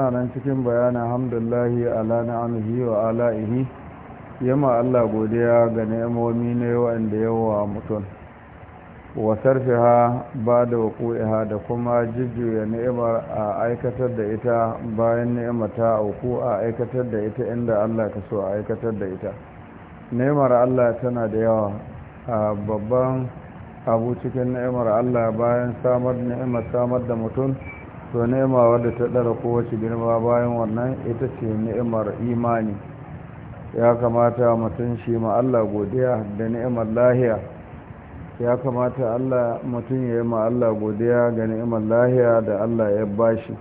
nan cikin bayanin hamdullahi ala na'amihi wa ala'ihi yamma Allah godiya ga ni'imomi ne wanda yawa mutum wa ha ba da ha, da kuma jujjuya ni'imar a aikatar da ita bayan ta auku a aikatar da ita inda Allah ka so a aikatar da ita ni'imar Allah tana da yawa a babban abu cikin ni'imar Allah bayan samar ni'imar samar da mutum to nema wadda ta ɗara kowace girma bayan wannan ita ce ni'imar imani ya kamata mutum shi ma Allah godiya da ni'imar lahiya ya kamata Allah mutum ya yi ma Allah godiya ga ni'imar lahiya da Allah ya bashi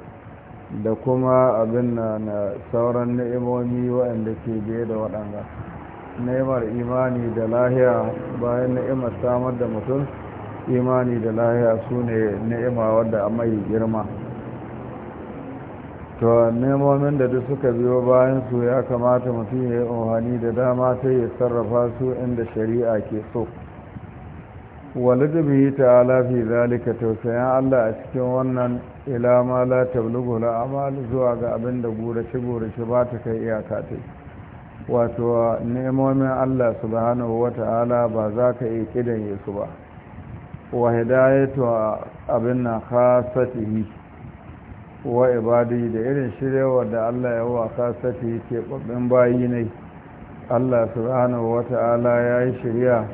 da kuma abin na sauran ni'imomi waɗanda ke biye da waɗanda ni'imar imani da lahiya bayan ni'imar samar da mutum imani da lahiya su ne ni'ima wadda a mai girma to nemomin da duk suka biyo bayan su ya kamata mutum ya yi ohani da dama ta ya sarrafa su inda shari'a ke so walidabi ta alafi zalika tausayin allah a cikin wannan ilama la tablugu la amal zuwa ga abin da gurace shi ba ta kai iyaka ta wato nemomin allah subhanahu wata'ala ba za ka iya kidan su ba wa hidayatu abin na khasatihi wa ibadi da irin shirewa da Allah ya wa kasati ke babbin bayi ne Allah subhanahu wa ta'ala ya yi shirya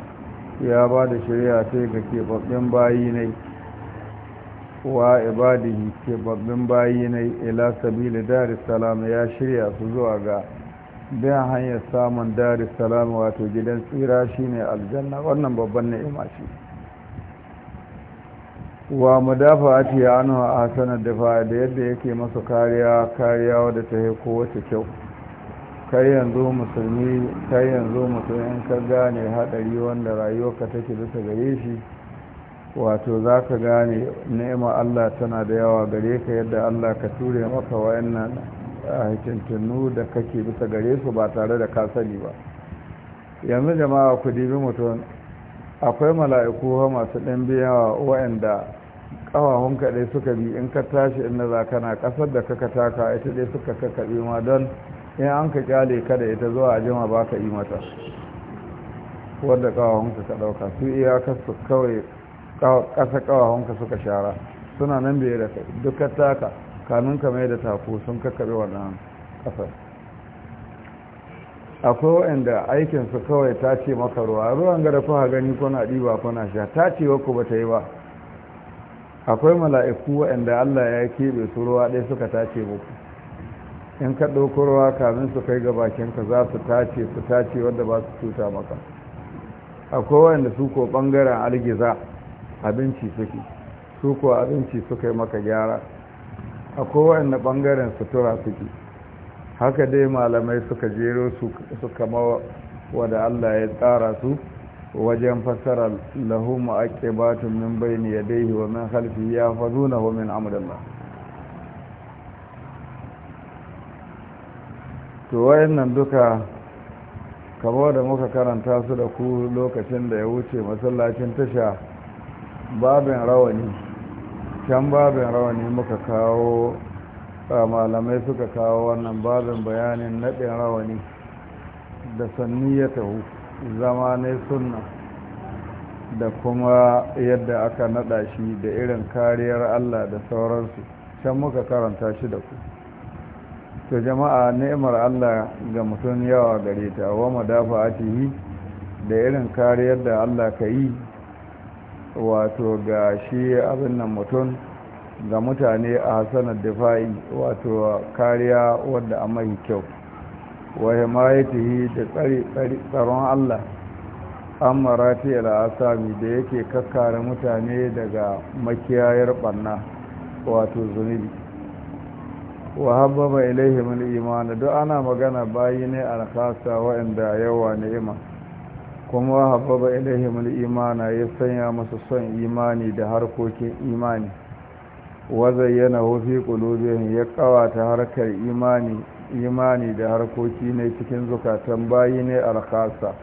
ya ba da shirya sai ga keɓaɓɓen bayi ne wa ibadihi keɓaɓɓen bayi ne ila sabili salam ya shirya su zuwa ga bin hanyar samun salam wato gidan tsira shine aljanna wannan babban ni'ima ce wa mudafa'ati anhu a dafa da yadda yake masa kariya kariya wadda ta yi kowace kyau kai yanzu musulmi kai yanzu musulmi ka gane haɗari wanda ka take bisa gare shi wato za ka gane ni'ima Allah tana da yawa gare ka yadda Allah ka ture maka wayannan hikintunu ah, da kake bisa gare su ba tare da ka sani ba yanzu jama'a ku dibi mutum akwai mala'iku masu ɗan biyawa wa'anda kawawan kaɗai suka bi in ka tashi inda za kana ƙasar da kaka taka ita dai suka kakaɓe ma don in an ka kyale ka da ita zuwa jima ba ka yi mata wadda ƙawawunka ka ɗauka su iya kasu kawai ƙasa ka suka shara suna nan biye da duk ka taka kanun ka mai da taku sun kakaɓe wannan ƙasar akwai waɗanda aikinsu kawai ta ce maka ruwa ruwan gada kuma gani kuna ɗiba kuna sha ta ce wa ku ba ta yi ba akwai mala'iku waɗanda Allah ya keɓe su ruwa ɗaya suka tace muku in ka ɗauko ruwa kamin su kai ga ka za su tace su tace wanda ba su cuta maka akwai waɗanda su ko ɓangaren algiza abinci suke su ko abinci suka yi maka gyara akwai waɗanda ɓangaren sutura suke haka dai malamai suka jero su kama wada Allah ya tsara su wajen fassara lahu batun min bayni yadayhi wa min khalfihi wa min amrillah to wayannan duka kamar da muka karanta su da ku lokacin da ya wuce masallacin tasha babin rawani can babin rawani muka kawo malamai suka kawo wannan babin bayanin naɗin rawani da sanni ya tahu zama ne sunna da kuma yadda aka nada shi da irin kariyar Allah da sauransu can muka karanta shi da ku to jama'a ni'imar Allah ga mutum yawa gare ta wa madafa'atihi da irin kariyar da Allah ka yi wato ga shi abin nan mutum ga mutane a hasanar difa'i wato kariya wadda a mai kyau wa himayatihi da tsaron Allah an marati al'asami da yake kakkare mutane daga makiyayar barna wato zunubi wa ilaihi ilaihimul imani duk ana magana bayi ne alkhasa wa'anda yawa ni'ima kuma Wa ilaihi ilaihimul imana ya sanya masa son imani da harkokin imani wa zayyana fi qulubihim ya ƙawata harkar imani imani da harkoki ne cikin zukatan bayi ne alkhasa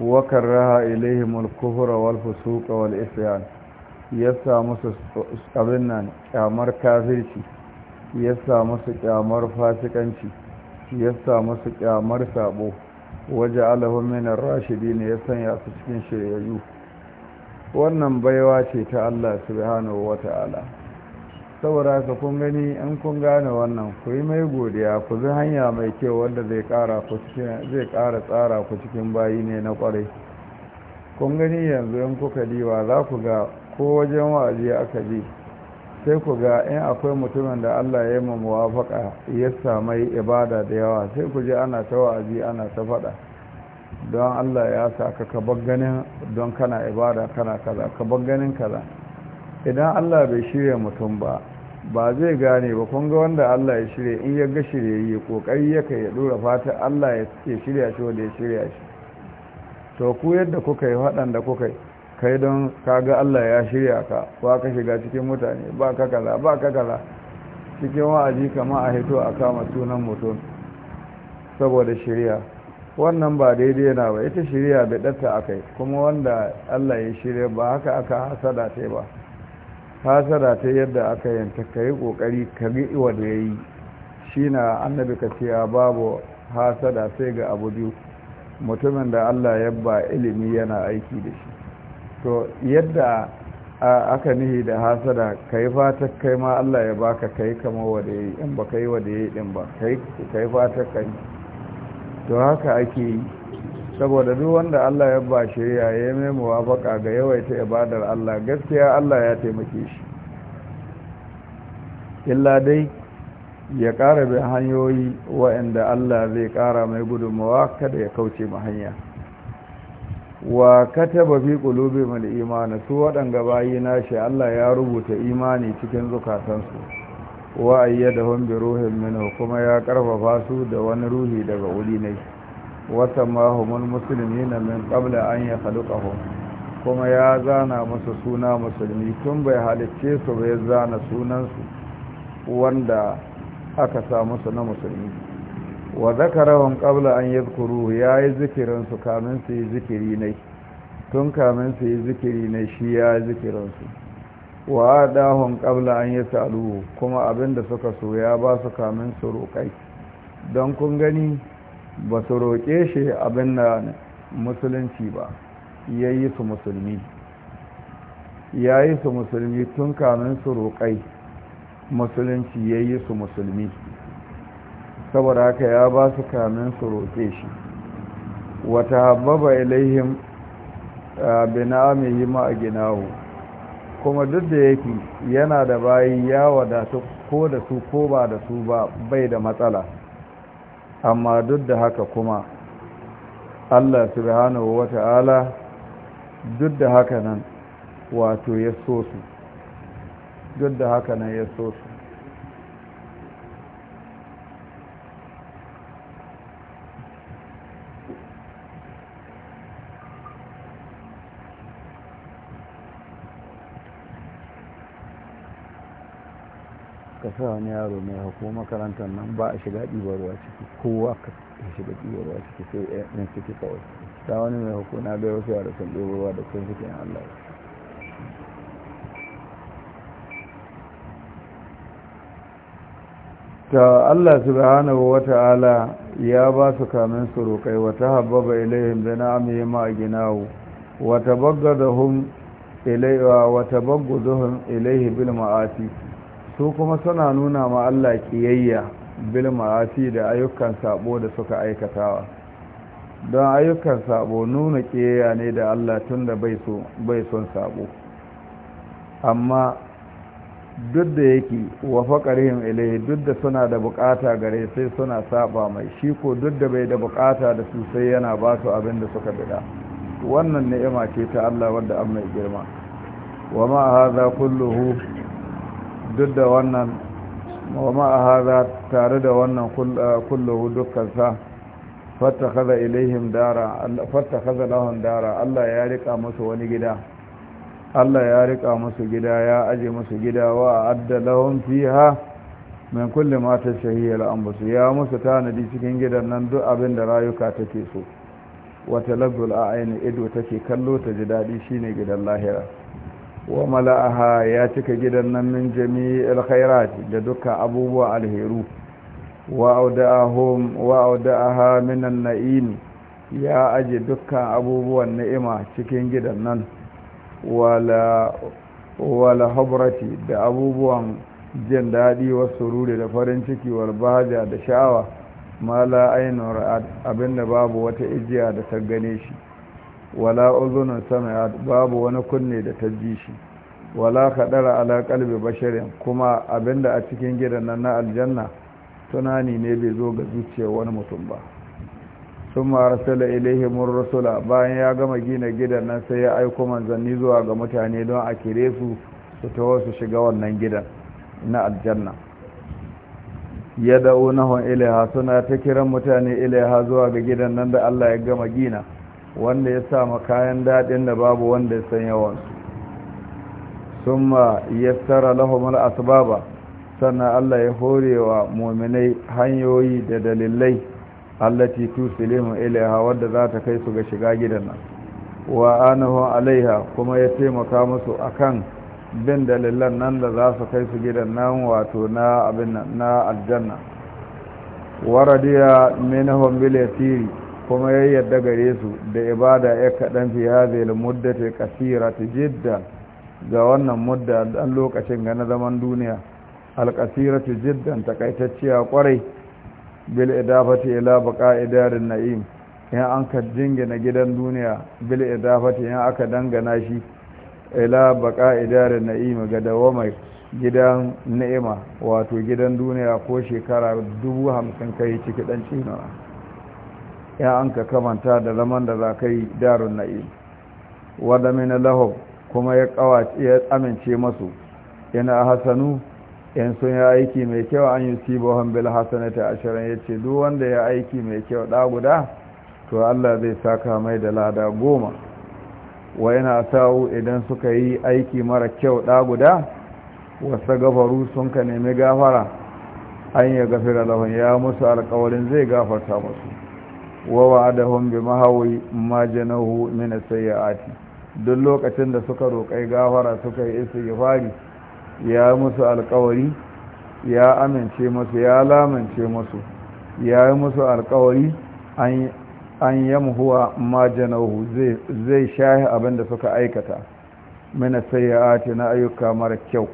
wa karaha ilaihim al-kufra wal fusuq wal isyan yasa musu abin nan kyamar kafirci yasa musu kyamar fasikanci yasa musu kyamar sabo waje alahun minar rashidi ne ya sanya su cikin shiryayyu wannan baiwa ce ta allah subhanahu wa ta'ala saboda ka kun gani in kun gane wannan ku yi mai godiya ku zi hanya mai kyau wanda zai kara tsara ku cikin bayi ne na kwarai kun gani yanzu in kuka diwa za ku ga ko wajen wa'azi aka ji sai ku ga in akwai mutumin da Allah ya yi muwafaka ya samai ibada da yawa sai ku ji ana ta wa'azi ana ta faɗa don Allah ya sa ka ka ganin don kana ibada kana kaza ka ganin kaza idan allah bai shirya mutum ba ba zai gane ba kun ga wanda allah ya shirya in ya ga shirya yi kokari ya kai ya dora fata allah ya shirya shi wanda ya shirya shi to ku yadda kuka yi waɗanda kuka yi kai don kaga allah ya shirya ka ba ka shiga cikin mutane ba ka kaza ba ka kaza cikin wa'azi kama a hito a kama sunan mutum saboda shirya wannan ba daidai yana ba ita shirya bai ɗatta kai kuma wanda allah ya shirya ba haka aka hasada ta ba Hasada ta yadda aka yanta ka yi kokari ka ga iwa da ya yi shi na annabi ka ce babu hasada sai ga abu biyu mutumin da allah ya ba ilimi yana aiki da shi to yadda aka nihi da hasada ka yi fatar kai ma allah ya baka ka yi kama wada ya yi in ba ka yi wada ya yi din ba ka yi fatar kai to haka ake yi saboda duk wanda Allah ya ba shirya ya mai muwafaka ga yawaita ibadar Allah gaskiya Allah ya taimake shi illa dai ya ƙara bin hanyoyi waɗanda Allah zai ƙara mai gudunmawa kada ya kauce ma hanya wa kataba fi mai da imani su waɗanga bayi na shi Allah ya rubuta imani cikin zukatansu wa ayyadahum bi ruhin minhu kuma ya ƙarfafa su da wani ruhi daga wuri shi وسماهم المسلمين من قبل أن يخلقهم kuma ya zana musu suna musulmi tun bai halicce su bai zana sunansu wanda aka sa su na musulmi wa zakarahun qabla an kuru yayi yi zikirinsu kamin su yi zikiri ne tun kamin su yi zikiri ne shi ya yi zikirinsu. wa adahun qabla an yasalu kuma abinda suka so ya ba su kamin su roƙai don kun gani ba su roƙe shi abin da musulunci ba ya yi su musulmi ya yi su musulmi tun kamin su roƙai musulunci ya yi su musulmi saboda haka ya ba su kamin su roƙe shi wata habbaba ilaihim yi ma a ginawo kuma duk da yake yana da bayi ya wadatu ko da su ko ba da su ba bai da matsala amma duk da haka kuma Allah subhanahu wata'ala duk da haka nan wato ya so su duk da haka nan ya so su ka sa wani yaro mai hako makarantar nan ba a shiga ɗibar ruwa ciki kowa ka shiga ɗibar ruwa ciki sai yan ciki kawai ta wani mai hako na bai wasu yara sun ɗibar ruwa da sun suke yin allah ta allah subhanahu wa ta'ala ya ba su kamin su roƙai wata habbaba ilayhim bi na'amihim ma ginahu wa tabaggadahum ilayhi wa tabaggudahum ilayhi bil ma'asi su kuma suna nuna ma Allah kiyayya bil ma'asi da ayyukan sabo da suka aikatawa don ayyukan sabo nuna kiyayya ne da Allah tunda bai so bai son sabo amma duk da yake wa faqarihim ilayhi duk da suna da bukata gare sai suna saba mai shi ko duk da bai da bukata da su sai yana ba su abin da suka bida wannan ni'ima ce ta Allah wadda an mai girma wa ma hadha kulluhu duk da wannan a haza tare da wannan eh, kullum dukkansa fattakaza ilaihim dara fattakaza dara Allah ya rika musu wani gida Allah ya rika musu gida ya aje musu gida wa adda lahum fiha min kulli ma shahiyar al-anfus ya musu tanadi cikin gidan nan duk abin da rayuka take so wata lagul a ido take kallo ta ji daɗi shine gidan lahira wa mala'aha ya cika gidan nan min jami'il khairat da dukkan abubuwa alheru wa auda'ahum wa auda'aha na'im ya aje dukkan abubuwan ni'ima cikin gidan nan wala wala habrati da abubuwan jin daɗi wa sururi da farin ciki wal bahaja da sha'awa ma la abinda babu wata ijiya da ta gane shi wala uzunin sama'ad babu wani kunne da ta ji shi wala kaɗara ala kalbi basharin kuma abinda a cikin gidan nan na aljanna tunani ne bai zo ga zuciyar wani mutum ba sun marasala ilahimun rasula bayan ya gama gina gidan nan sai ya aiko manzanni zuwa ga mutane don a kire su su taho su shiga wannan gidan na aljanna ya da'u nahon ilaha suna ta kiran mutane ilaha zuwa ga gidan nan da allah ya gama gina wanda ya sa kayan daɗin da babu wanda ya san yawansu sun ma yassara lahumar asibaba sannan allah ya hore wa mominai hanyoyi da dalilai allati tusilimu ilaiha wadda za ta kai su ga shiga gidan nan wa anahu alaiha kuma ya taimaka musu akan bin dalilan nan da za su kai su gidan nan wato na abin na aljanna waradiya minhum bil yasiri kuma ya yarda gare su da ibada ya kaɗan fi haze da muddata kasira ta jidda ga wannan mudda ɗan lokacin ga na zaman duniya alkasira ta jiddan takaitacciya kwarai bil idafati ila baka idarin na'im in an ka jingina gidan duniya bil idafati in aka dangana shi ila baka idarin na'im ga dawamai gidan ni'ima wato gidan duniya ko shekara dubu hamsin kai ciki ɗan cinawa ya an ka kamanta da zaman da za ka yi darun na'im wadda na lahab kuma ya kawace ya amince masu yana hasanu in sun ya aiki mai kyau an yi sibohan bil ta ashirin ya ce duk wanda ya aiki mai kyau ɗa guda to allah zai saka mai da lada goma wa yana sa'u idan suka yi aiki mara kyau ɗa guda wasu gafaru sun ka nemi gafara an yi gafira lahun ya musu alkawarin zai gafarta masu? ووعدهم بمهوي ما جنوه من السيئات duk lokacin da suka roƙai gafara suka yi istighfari ya musu alƙawari ya amince musu ya lamince musu ya yi musu alƙawari an yamhuwa ma janahu zai shahi abin da suka aikata mina sayyati na ayyuka mara kyau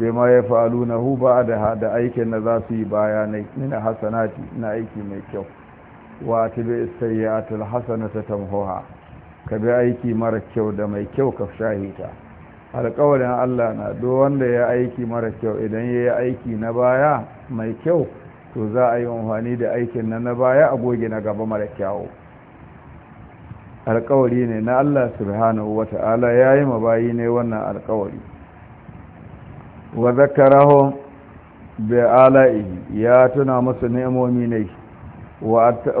bai ma ya falu na hu ba da aikin da za su yi bayanai mina hasanati na aiki mai kyau wa tabi sayyi'atul hasanata tamhuha ka bi aiki mara kyau da mai kyau ka shahita alƙawarin Allah na duk wanda ya aiki mara kyau idan ya yi aiki na baya mai kyau to za a yi amfani da aikin na na baya a goge na gaba mara kyau alƙawari ne na Allah subhanahu wata'ala ya yi mabayi ne wannan alƙawari wa zakarahu bi ala'ihi ya tuna musu ni'imomi ne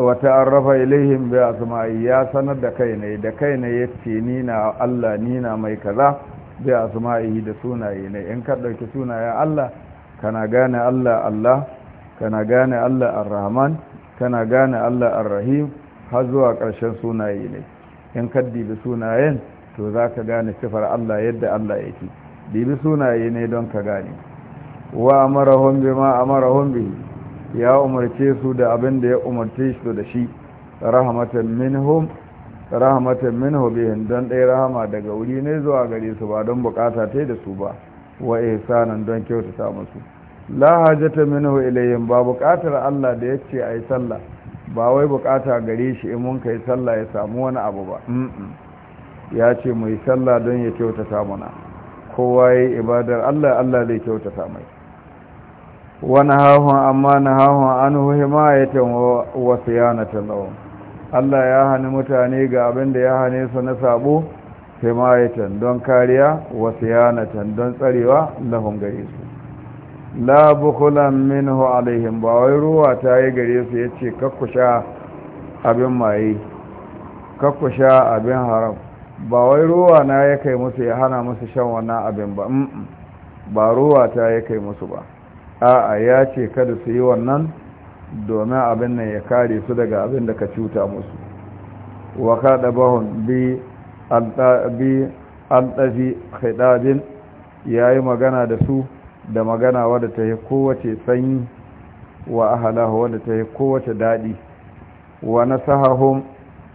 wata arrafa ilaihim bi asma'i ya sanar da kai ne da kai ne yace ni Allah ni mai kaza bi asma'i da sunaye ne in ka dauki Allah kana gane Allah Allah kana gane Allah Ar-Rahman kana gane Allah Ar-Rahim har zuwa karshen sunaye ne in ka sunayen to zaka gane sifar Allah yadda Allah yake dibi sunaye ne don ka gane wa amarahum bima amarahum bihi ya umarce su da abin da ya umarce su da shi rahmatan minhum rahmatan minhu don ɗaya rahama daga wuri ne zuwa gare su ba don bukata ta da su ba wa ihsanan don kyautata musu la hajata minhu ilayhim ba bukatar Allah da yace ayi sallah ba wai bukata gare shi in mun kai sallah ya samu wani abu ba ya ce mu yi sallah don ya kyautata mana kowa ya ibadar Allah Allah zai kyautata mai ونهاهم عما نهاهم عنه حماية وصيانة لهم Allah ya hani mutane ga abin da ya hane su na sabo himayatan don kariya wa siyanatan don tsarewa lahum gare su la bukhulan minhu alaihim ba wai ruwa ta yi gare su yace kakkusha abin maye kakkusha abin haram ba wai ruwa na ya kai musu ya hana musu shan wannan abin ba ba ruwa ta ya kai musu ba a'a ya ce kada su yi wannan domin abin nan ya kare su daga abin da ka cuta musu wa kada bahun bi bi ɗafi haidabin ya yi magana da su da magana wadda ta yi kowace sanyi wa ahalahu wadda ta yi kowace daɗi wa nasahahum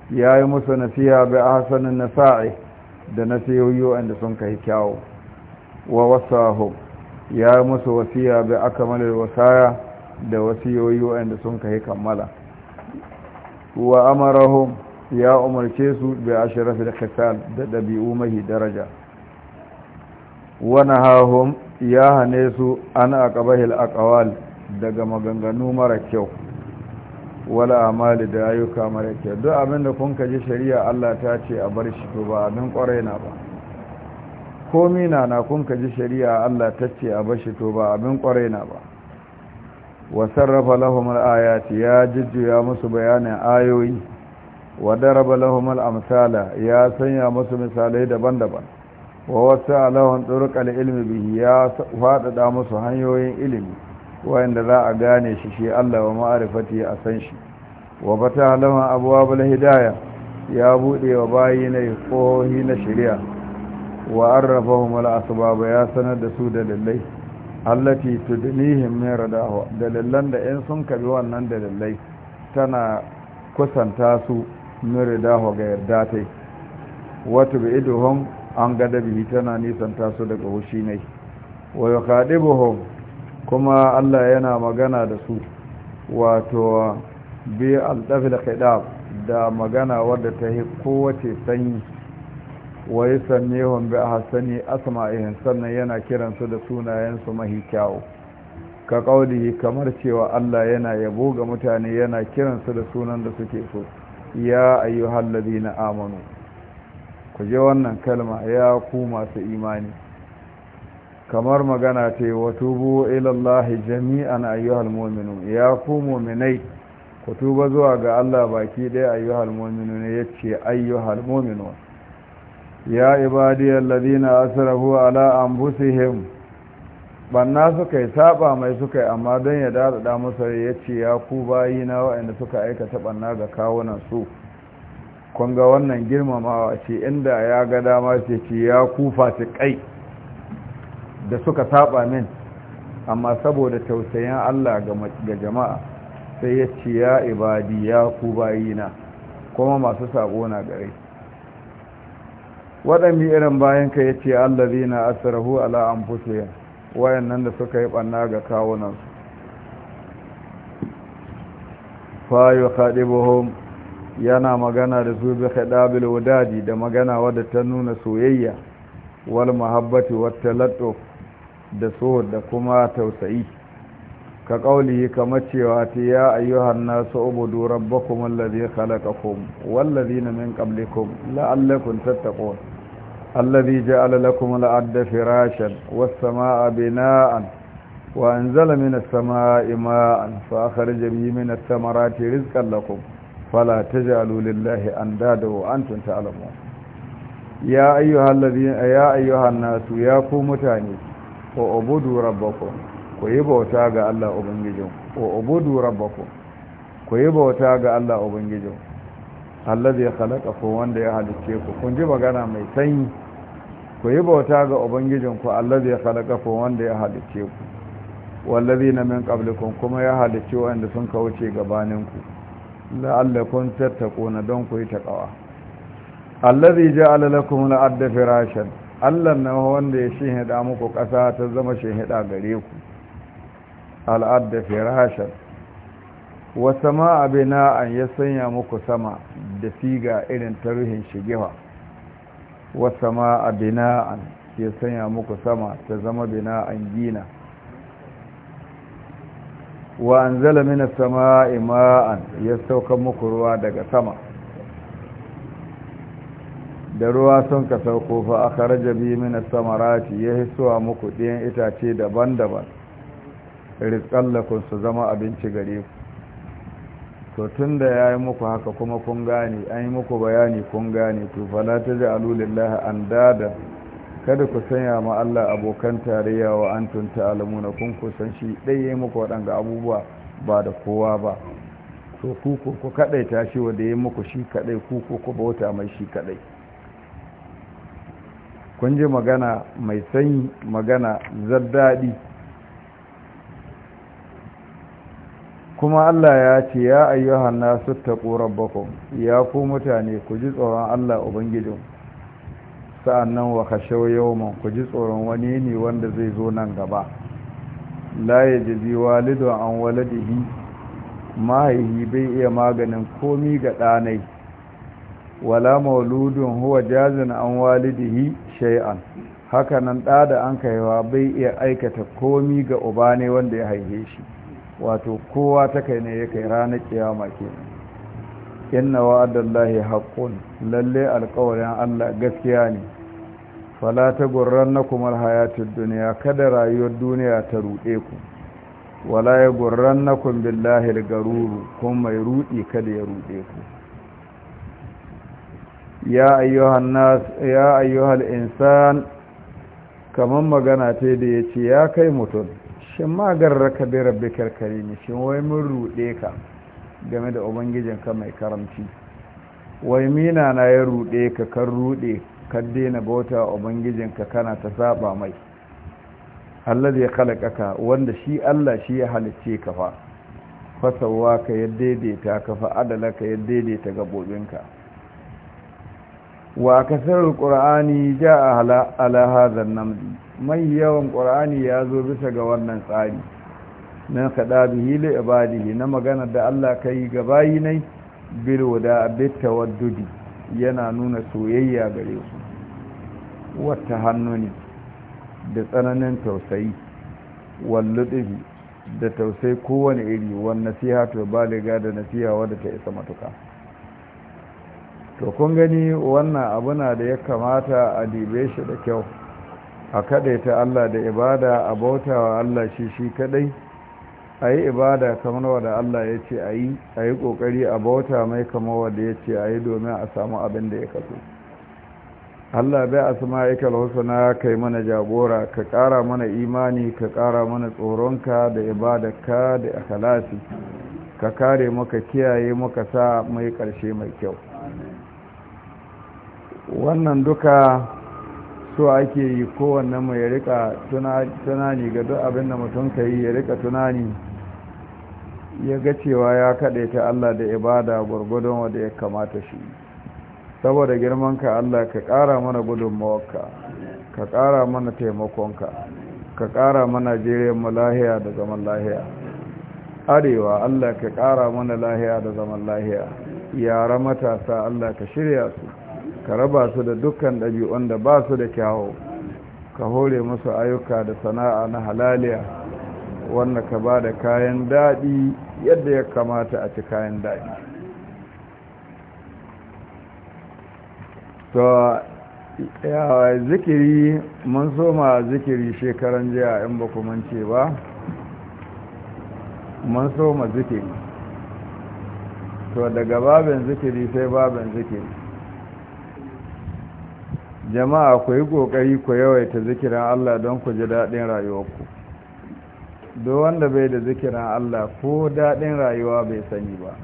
ya yi musu nasiha bi ahsanin nasa'i da nasihoyi wanda sun kai kyawu wa wasahum ya musu wasiya bai akamalar wasaya da wasiyoyi wanda sun kai kammala wa amarahum ya umarce su bi ashrafil khisal da ɗabi'u mahi daraja Wani hahun ya hane su an akabahil aqwal daga maganganu mara kyau wala amali da ayyuka mara kyau duk abinda kun kaji shari'a Allah ta ce a bar shi to ba abin kwarai na ba komi na na kun ka ji shari'a Allah ta ce a bashi to ba abin kwarai na ba wa sarrafa lahumar ayati ya jujjuya musu bayanin ayoyi wa daraba lahumar amsala ya sanya musu misalai daban-daban wa wasa lahum turqal ilmi bihi ya faɗaɗa musu hanyoyin ilimi wayanda za a gane shi shi Allah wa ma'arifati a san shi wa fata lahum abwabul hidayah ya bude wa bayi kohi na shari'a wa arrafahum al-asbab ya sanar da su da dalilai allati tudnihim min radahu dalilan da in sun kabi wannan dalilai tana kusanta su min radahu ga yarda tai wato bi an gadabi tana nisanta su daga hushi ne wa yuqadibuhum kuma Allah yana magana da su wato bi al-dafil khidab da magana wadda ta yi kowace sanyi wa yi sannihun bi hasani asma'ihim sannan yana kiransu da sunayensu mahi kyawu ka kaulihi kamar cewa Allah yana yabo ga mutane yana kiransu da sunan da suke so ya ayyuhal na amanu ku je wannan kalma ya ku masu imani kamar magana ta yi watubu ilallahi jami'an ayyuhal halmominu ya ku mu'minai ku tuba zuwa ga Allah baki ɗaya ayyuhal ne ya ce ayyuhal halmominu ya ibadiyar alladhina asrafu ala anfusihim banna suka yi saba mai suka yi amma don ya daɗaɗa masa ya ce ya ku bayi na waɗanda suka aikata banna ga kawunan su kun ga wannan girmamawa ce inda ya ga dama ce ce ya ku fasikai da suka saba min amma saboda tausayin Allah ga jama'a sai ya ce ya ibadi ya ku bayi na kuma masu sabo na gare waɗanda irin bayan ka ya ce allazi na asirahu ala an wayannan da suka yi ɓanna ga kawunansu fayo haɗibuhun yana magana da su bi haɗabil wadadi da magana wadda ta nuna soyayya wal mahabbati wata latto da so da kuma tausayi ka ƙauli kamar cewa ta ya ayyuhan nasu ubudu rabbakum allazi khalaqakum na min qablikum la'allakum tattaqun الذي جعل لكم الأرض فراشا والسماء بناء وأنزل من السماء ماء فأخرج به من الثمرات رزقا لكم فلا تجعلوا لله أندادا وأنتم تعلمون يا أيها الذين يا أيها الناس يا كومتاني وعبدوا ربكم ويبوتا ga Allah ubangijinku وعبدوا ربكم ويبوتا ga Allah ubangijinku allazi ya khalaqa ku wanda ya halice ku kun ji magana mai sanyi ku yi bauta ga ubangijin ku allazi ya khalaqa ku wanda ya halice ku wallazi na min qablikum kuma ya halice wanda sun kauce gabanin ku la'allakum tattaquna don ku yi takawa allazi ja'ala lakum al-ardha firashan Allah na wanda ya shehida muku ƙasa ta zama shehida gare ku al'adda firashan wa sama abina an ya sanya muku sama da siga irin ta ruhin shigewa wa sama abina an ya sanya muku sama ta zama bina an gina wa an zala mina sama ima'an ya sauka muku ruwa daga sama da ruwa sun ka sauko fa aka rajabi mina samarati ya hisuwa muku ɗiyan itace daban-daban rizƙallakun su zama abinci gare ku to tun da ya yi muku haka kuma kun gane an yi muku bayani kun gane to fala ta ji alulillahi an dada kada ku sanya ma Allah abokan tarayya wa an tunta alamuna kun kusan shi ya yi muku waɗanga abubuwa ba da kowa ba to kuku ku kaɗai ta shi wanda ya muku shi kaɗai kuku ku bauta mai shi kaɗai kun ji magana mai sanyi magana zaddaɗi kuma Allah ya ce ya ayyuhan nasu taqu rabbakum ya ku mutane ku ji tsoron Allah ubangijin sa'annan wa khashaw yawman ku ji tsoron wani ne wanda zai zo nan gaba la yajzi walidu an waladihi mahaihi bai iya maganin komi ga ɗanai wala mauludun huwa jazin an walidihi shay'an hakanan ɗa da an kaiwa bai iya aikata komi ga uba ne wanda ya haife shi wato kowa ta kai ne ya kai ranar kiyama nan. inna wa'adallahi haqqun lalle alƙawarin Allah gaskiya ne fala ta gurrannakum alhayatid duniya, kada rayuwar duniya ta ruɗe ku wala ya gurrannakum billahi algaruru kun mai ruɗi kada ya rude ku ya nas ya ayyuhal insan kaman magana ce da yace ya kai mutum shin magarra ka bai rabbi karkari ne shin wai mun ruɗe ka game da ubangijinka mai karamci wai mina na ya ruɗe ka kan ruɗe kan daina bauta ubangijinka kana ta saba mai allah zai ka wanda shi allah shi ya halicce ka fa fasawa ka ya daidaita ka fa adala ka ya daidaita ka. wa kasar alƙur'ani ja'a a ala namdi mai yawan ƙur'ani ya zo bisa ga wannan tsari na kaɗa bihi li ibadihi na magana da Allah ka yi ga bayi nai bil wada bit tawaddudi yana nuna soyayya gare su wata hannuni da tsananin tausayi walludihi da tausayi kowane iri wan nasiha to baliga da nasiha wadda ta isa matuka to kun gani wannan abuna da ya kamata a dibe shi da kyau a kaɗai ta Allah da ibada a bautawa Allah shi shi kaɗai, a yi ibada kamar wadda Allah ya ce a yi a yi ƙoƙari a bauta mai kamar wadda ya ce a yi domin a samu abin da ya kaso Allah bai a suma ya ka yi mana jagora ka ƙara mana imani ka ƙara mana tsoronka da ibadarka da akalasi ka kare maka kiyaye maka sa mai ƙarshe mai kyau wannan duka so ake yi kowanne mu ya rika tunani ga duk abin da mutum ka yi ya rika tunani ya ga cewa ya kaɗe ta Allah da ibada gwargwadon wanda ya kamata shi saboda girmanka Allah ka ƙara mana gudunmawarka ka ƙara mana taimakonka ka ƙara mana jiriyar mu lahiya da zaman lahiya arewa Allah ka ƙara mana lahiya da zaman lahiya yara matasa Allah ka shirya su ka raba su da dukkan ɗabi'un da ba su da kyawo ka hore musu ayyuka da sana'a na halaliya wanda ka ba da kayan daɗi yadda ya kamata a ci kayan daɗi to yawa zikiri mun soma zikiri shekaran jiya in ba kuma ce ba mun soma zikiri to daga babin zikiri sai babin zikiri jama'a ku yi ƙoƙari ku yawaita zikirin Allah don ku ji daɗin rayuwarku do wanda bai da zikirin Allah ko daɗin rayuwa bai sani ba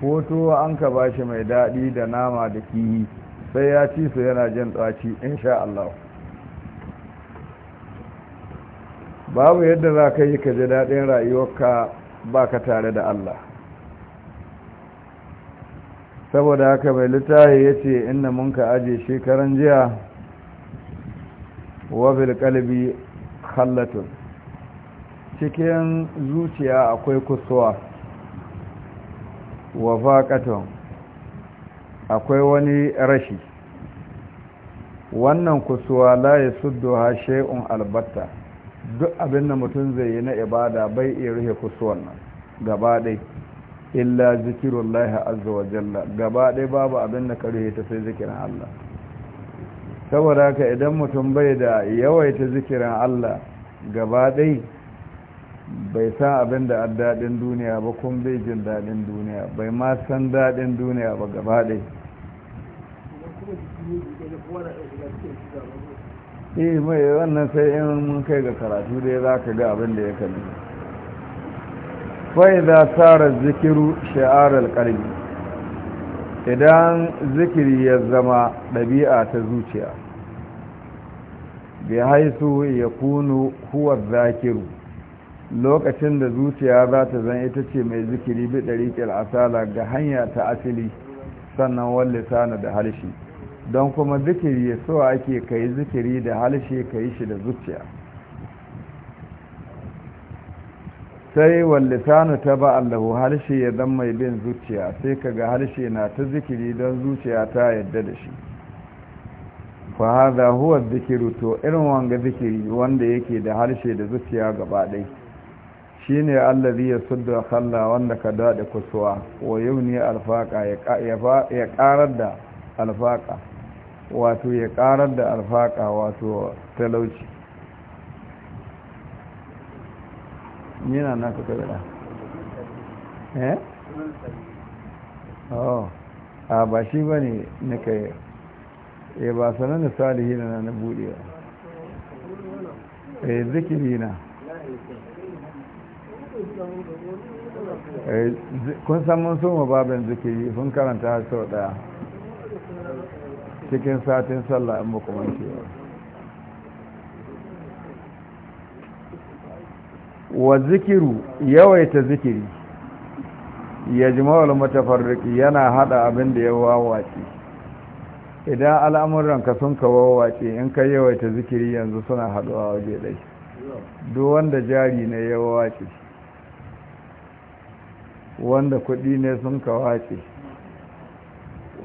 ko tuwo an ka shi mai daɗi da nama da kihi sai ya ci su yana jin tsaci insha Allah babu yadda za ka yi ka ji daɗin rayuwarka ba ka tare da Allah saboda haka mai littafi ya ce inda mun ka aje shekaran jiya wabil kalbi khallatun cikin zuciya akwai kusuwa wa vakaton. akwai wani rashi wannan kusuwa la ya suddo ha shay'un albatta duk abin da mutum zai yi na ibada bai iya rufe kusuwan nan gaba illa zikirullahi azza wa jalla gaba babu abin da ka rufe ta sai zikirin Allah saboda haka idan mutum bai da yawaita zikirin Allah gaba ɗai bai san abin da daɗin duniya ba kuma bai jin daɗin duniya bai ma san daɗin duniya ba gaba ɗai eh mai wannan sai in mun kai ga karatu dai za ka ga abin da ya kalli fa'iza tsara zikiru shi'ar ƙarfi idan zikiri ya zama ɗabi'a ta zuciya bai haisu ya kunu huwar zakiru lokacin da zuciya za ta zan ita ce mai zikiri bi asala ga hanya ta asili sannan wallisana da harshe don kuma zikiri ya so ake ka yi zikiri da harshe ka yi shi da zuciya sai wallisanu ta ba allahu harshe ya zan mai bin zuciya sai kaga harshe na ta zikiri don zuciya ta yadda da shi fa haza huwa zikiru to irin wanga zikiri wanda yake da harshe da zuciya gaba ɗai shine allazi da khalla wanda ka daɗe kusuwa wa yuni alfaqa ya ƙarar da alfaka wato ya ƙarar da alfaqa wato talauci yana na kuka gada eh oh a ah, ba shi ba ne na kai eh ba sanar da salihi na na buɗe a yi eh, zikiri na eh, kun san mun soma babin zikiri sun karanta har sau ɗaya cikin satin sallah in ba kuma wa zikiru yawaita zikiri ya jimawar matafarriki yana hada abin da ya wawace idan al'amuranka sun ka wawace in ka yawaita zikiri yanzu suna haduwa waje dai duk wanda jari ne ya wawace wanda kuɗi ne sun ka wace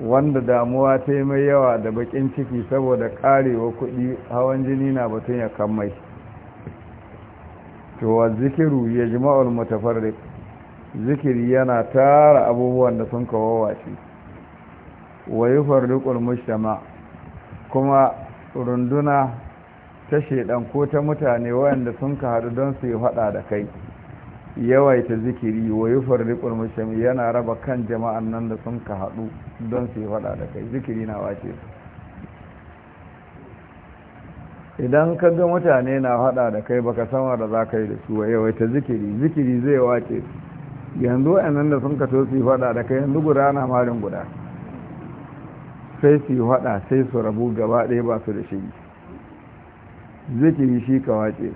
wanda damuwa ta yi mai yawa da bakin ciki saboda karewa kuɗi hawan jini na batun ya kammai mai to wa zikiru ya jima'ul mutafarriq zikiri yana tara abubuwan da sun shi wa yufarriqul mujtama kuma runduna ta shedan ko ta mutane wayanda sun ka hadu don su yi da kai yawaita zikiri wa yufarriqul mujtama yana raba kan jama'an nan da sun ka hadu don su yi da kai zikiri na wace idan ka ga mutane na hada da kai baka san da za ka yi da su yawaita zikiri zikiri zai wace yanzu wa'annan da sun kato su da kai yanzu guda na malin guda sai su yi hada sai su rabu gaba ɗaya ba su da shi zikiri shi ka wace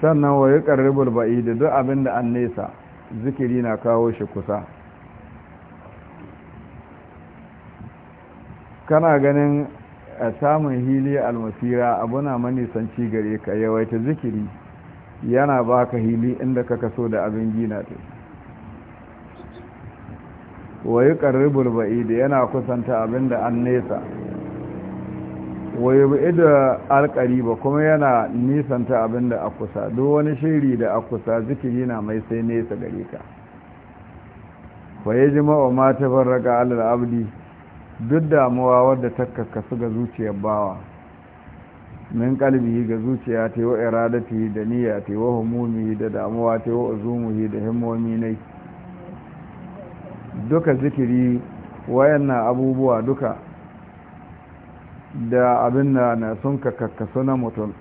sannan wa yi ba'i da duk abin da an nesa zikiri na kawo shi kusa kana ganin a samun hili almasira abu na manisanci gare ka yawaita zikiri yana baka hili inda ka kaso da abin gina ta wayi bulba'i da yana kusanta abin da an nesa wayi ba'ida ba kuma yana nisanta abin da a kusa duk wani shiri da a kusa zikiri na mai sai nesa gare ka wayi jima'o ma ta farraka alal abdi duk damuwa wadda ta kakkasu ga zuciyar bawa min kalbi ga zuciya ta yi wa yi da niyya ta yi wa humumi da damuwa ta yi wa uzumuhi da himmomi ne duka zikiri wayannan abubuwa duka da abin da na sun kakkasu na mutum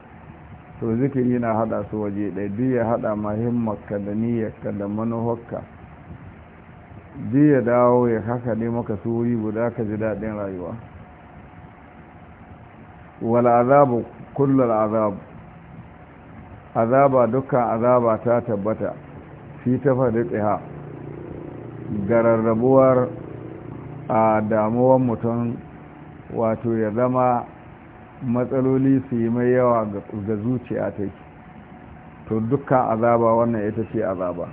to zikiri na hada su waje ɗaya duk ya hada ma da niyyarka da manuharka ji ya dawo ya haka ne maka suri guda ka ji daɗin rayuwa Wala azabu kullal azabu azaba dukkan azaba ta tabbata fi ta tsiha ga rarrabuwar a damuwan mutum wato ya zama matsaloli su yi mai yawa ga zuciya ta to dukkan azaba wannan ita ce azaba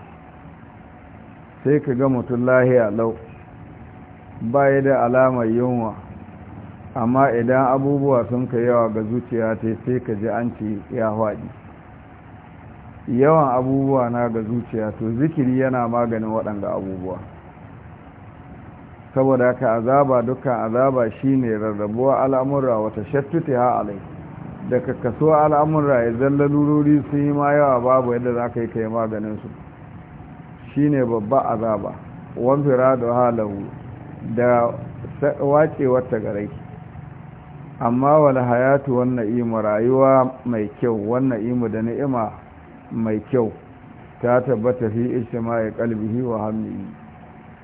sai ka ga mutum lahiya lau Ba yi da alamar yunwa amma idan abubuwa sun ka yawa ga zuciya ta sai ka ji an ce ya haɗi yawan abubuwa na ga zuciya to zikiri yana maganin waɗanda abubuwa saboda ka azaba dukkan azaba shine rarrabuwa al'amura wata shattute ha alai daga kaso al'amura ya zalla lurori sun yi ma yawa babu yadda za ka yi ka maganinsu shine babba azaba wan firado halahu da wace ta garai amma wal hayatu wan na'imu rayuwa mai kyau wan na'imu da ni'ima mai kyau ta tabbata fi ijtima'i qalbihi wa hammihi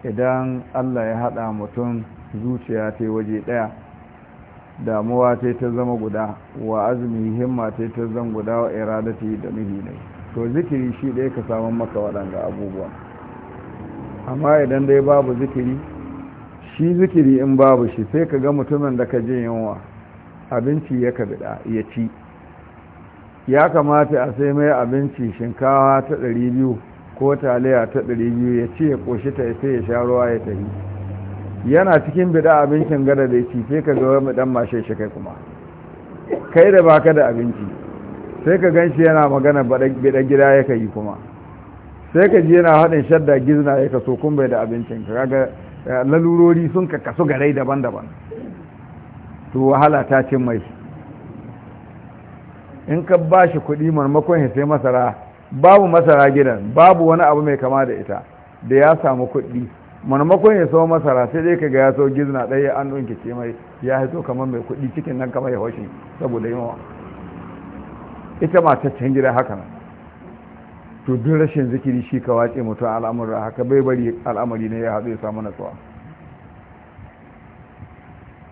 idan Allah ya hada mutum zuciya ta waje daya damuwa ta ta zama guda wa azumi himma ta zama guda wa iradati da nuhi ne to zikiri shi da ka samun maka waɗanda abubuwa amma idan dai babu zikiri shi zikiri in babu shi sai ka ga mutumin da ka je yunwa abinci ya ka kabida ya ci ya kamata a sai mai abinci shinkawa ta ɗari ko taliya ta ɗari ya ci ya ƙoshi ta sai ya sha ruwa ya tafi yana cikin biɗa abincin gada da ya ci sai ka ga wani ɗan mashe shi kai kuma kai da baka da abinci sai ka gan shi yana magana bidan gida ya ka yi kuma sai ka ji yana haɗin shadda gizna ya kaso kun bai da abincin ka ga eh, lalurori sun ka kasu garai daban-daban to wahala ta cin mai in ka ba shi kuɗi marmakon ya sai masara babu masara gidan babu wani abu mai kama da ita da ya samu kuɗi marmakon ya sau masara sai dai ka ga ya sau gizna ɗaya an ɗunke ce mai ya haito kamar mai kuɗi cikin nan kamar ya haushi saboda yawa ita mataccen gida haka nan to duk rashin zikiri shi ka wace mutu al'amura haka bai bari al'amari ne ya haɗu ya samu natsuwa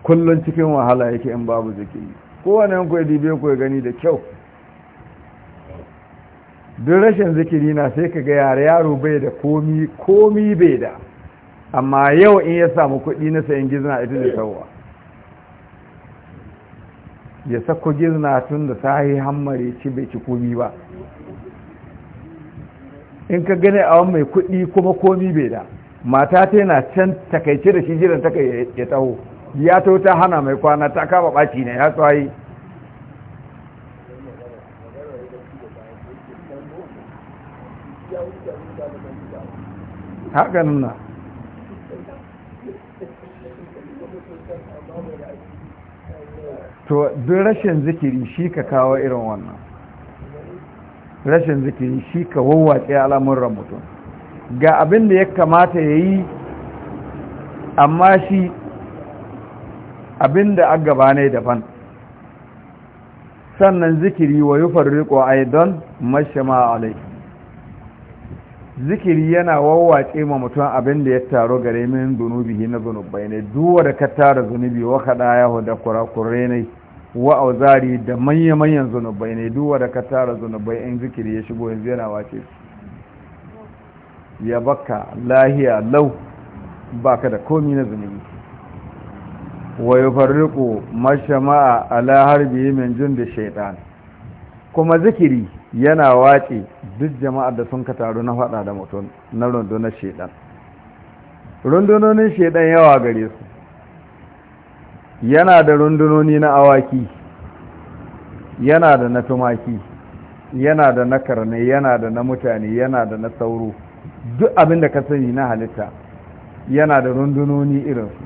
kullum cikin wahala yake in babu zikiri kowane yanku ya dibe ku ya gani da kyau duk rashin zikiri na sai ka ga yare yaro bai da komi komi bai da amma yau in ya samu kuɗi na sayan gizna ita da sauwa ya sako girna tun da sahi hammare ci bai ci komi ba in ka gane a mai kuɗi kuma komi bai da mata ta yana can takaice da shi jiran ta ya taho ya taho ta hana mai kwana ta kama ɓaci ne ya tsaye haka nuna to duk rashin zikiri shi ka kawo irin wannan rashin zikiri shi ka wawwace al'amuran mutum ga abin da ya kamata ya yi amma shi abin da an gabanai daban sannan zikiri wa yi farriko aidon mashama alai zikiri yana wawwace ma mutum abin da ya taro gare min zunubi na zunubai ne duwa da ka tara zunubi wa kaɗa yahu da kurakurai ne wa auzari da manya-manyan zunubai ne duwa da ka tara zunubai in zikiri ya shigo yanzu yana wace ya baka lahiya lau baka da komi na zunubi wa yi farriku mashama'a ala harbi min jin da shaidan? kuma zikiri yana wace duk jama'ar da sun ka taru na fada da mutum na rundunar shaidan rundunonin shaidan yawa gare su yana da rundunoni na awaki yana da na tumaki yana da na karne yana da na mutane yana da na sauro duk abin da ka sani na halitta yana da rundunoni irinsu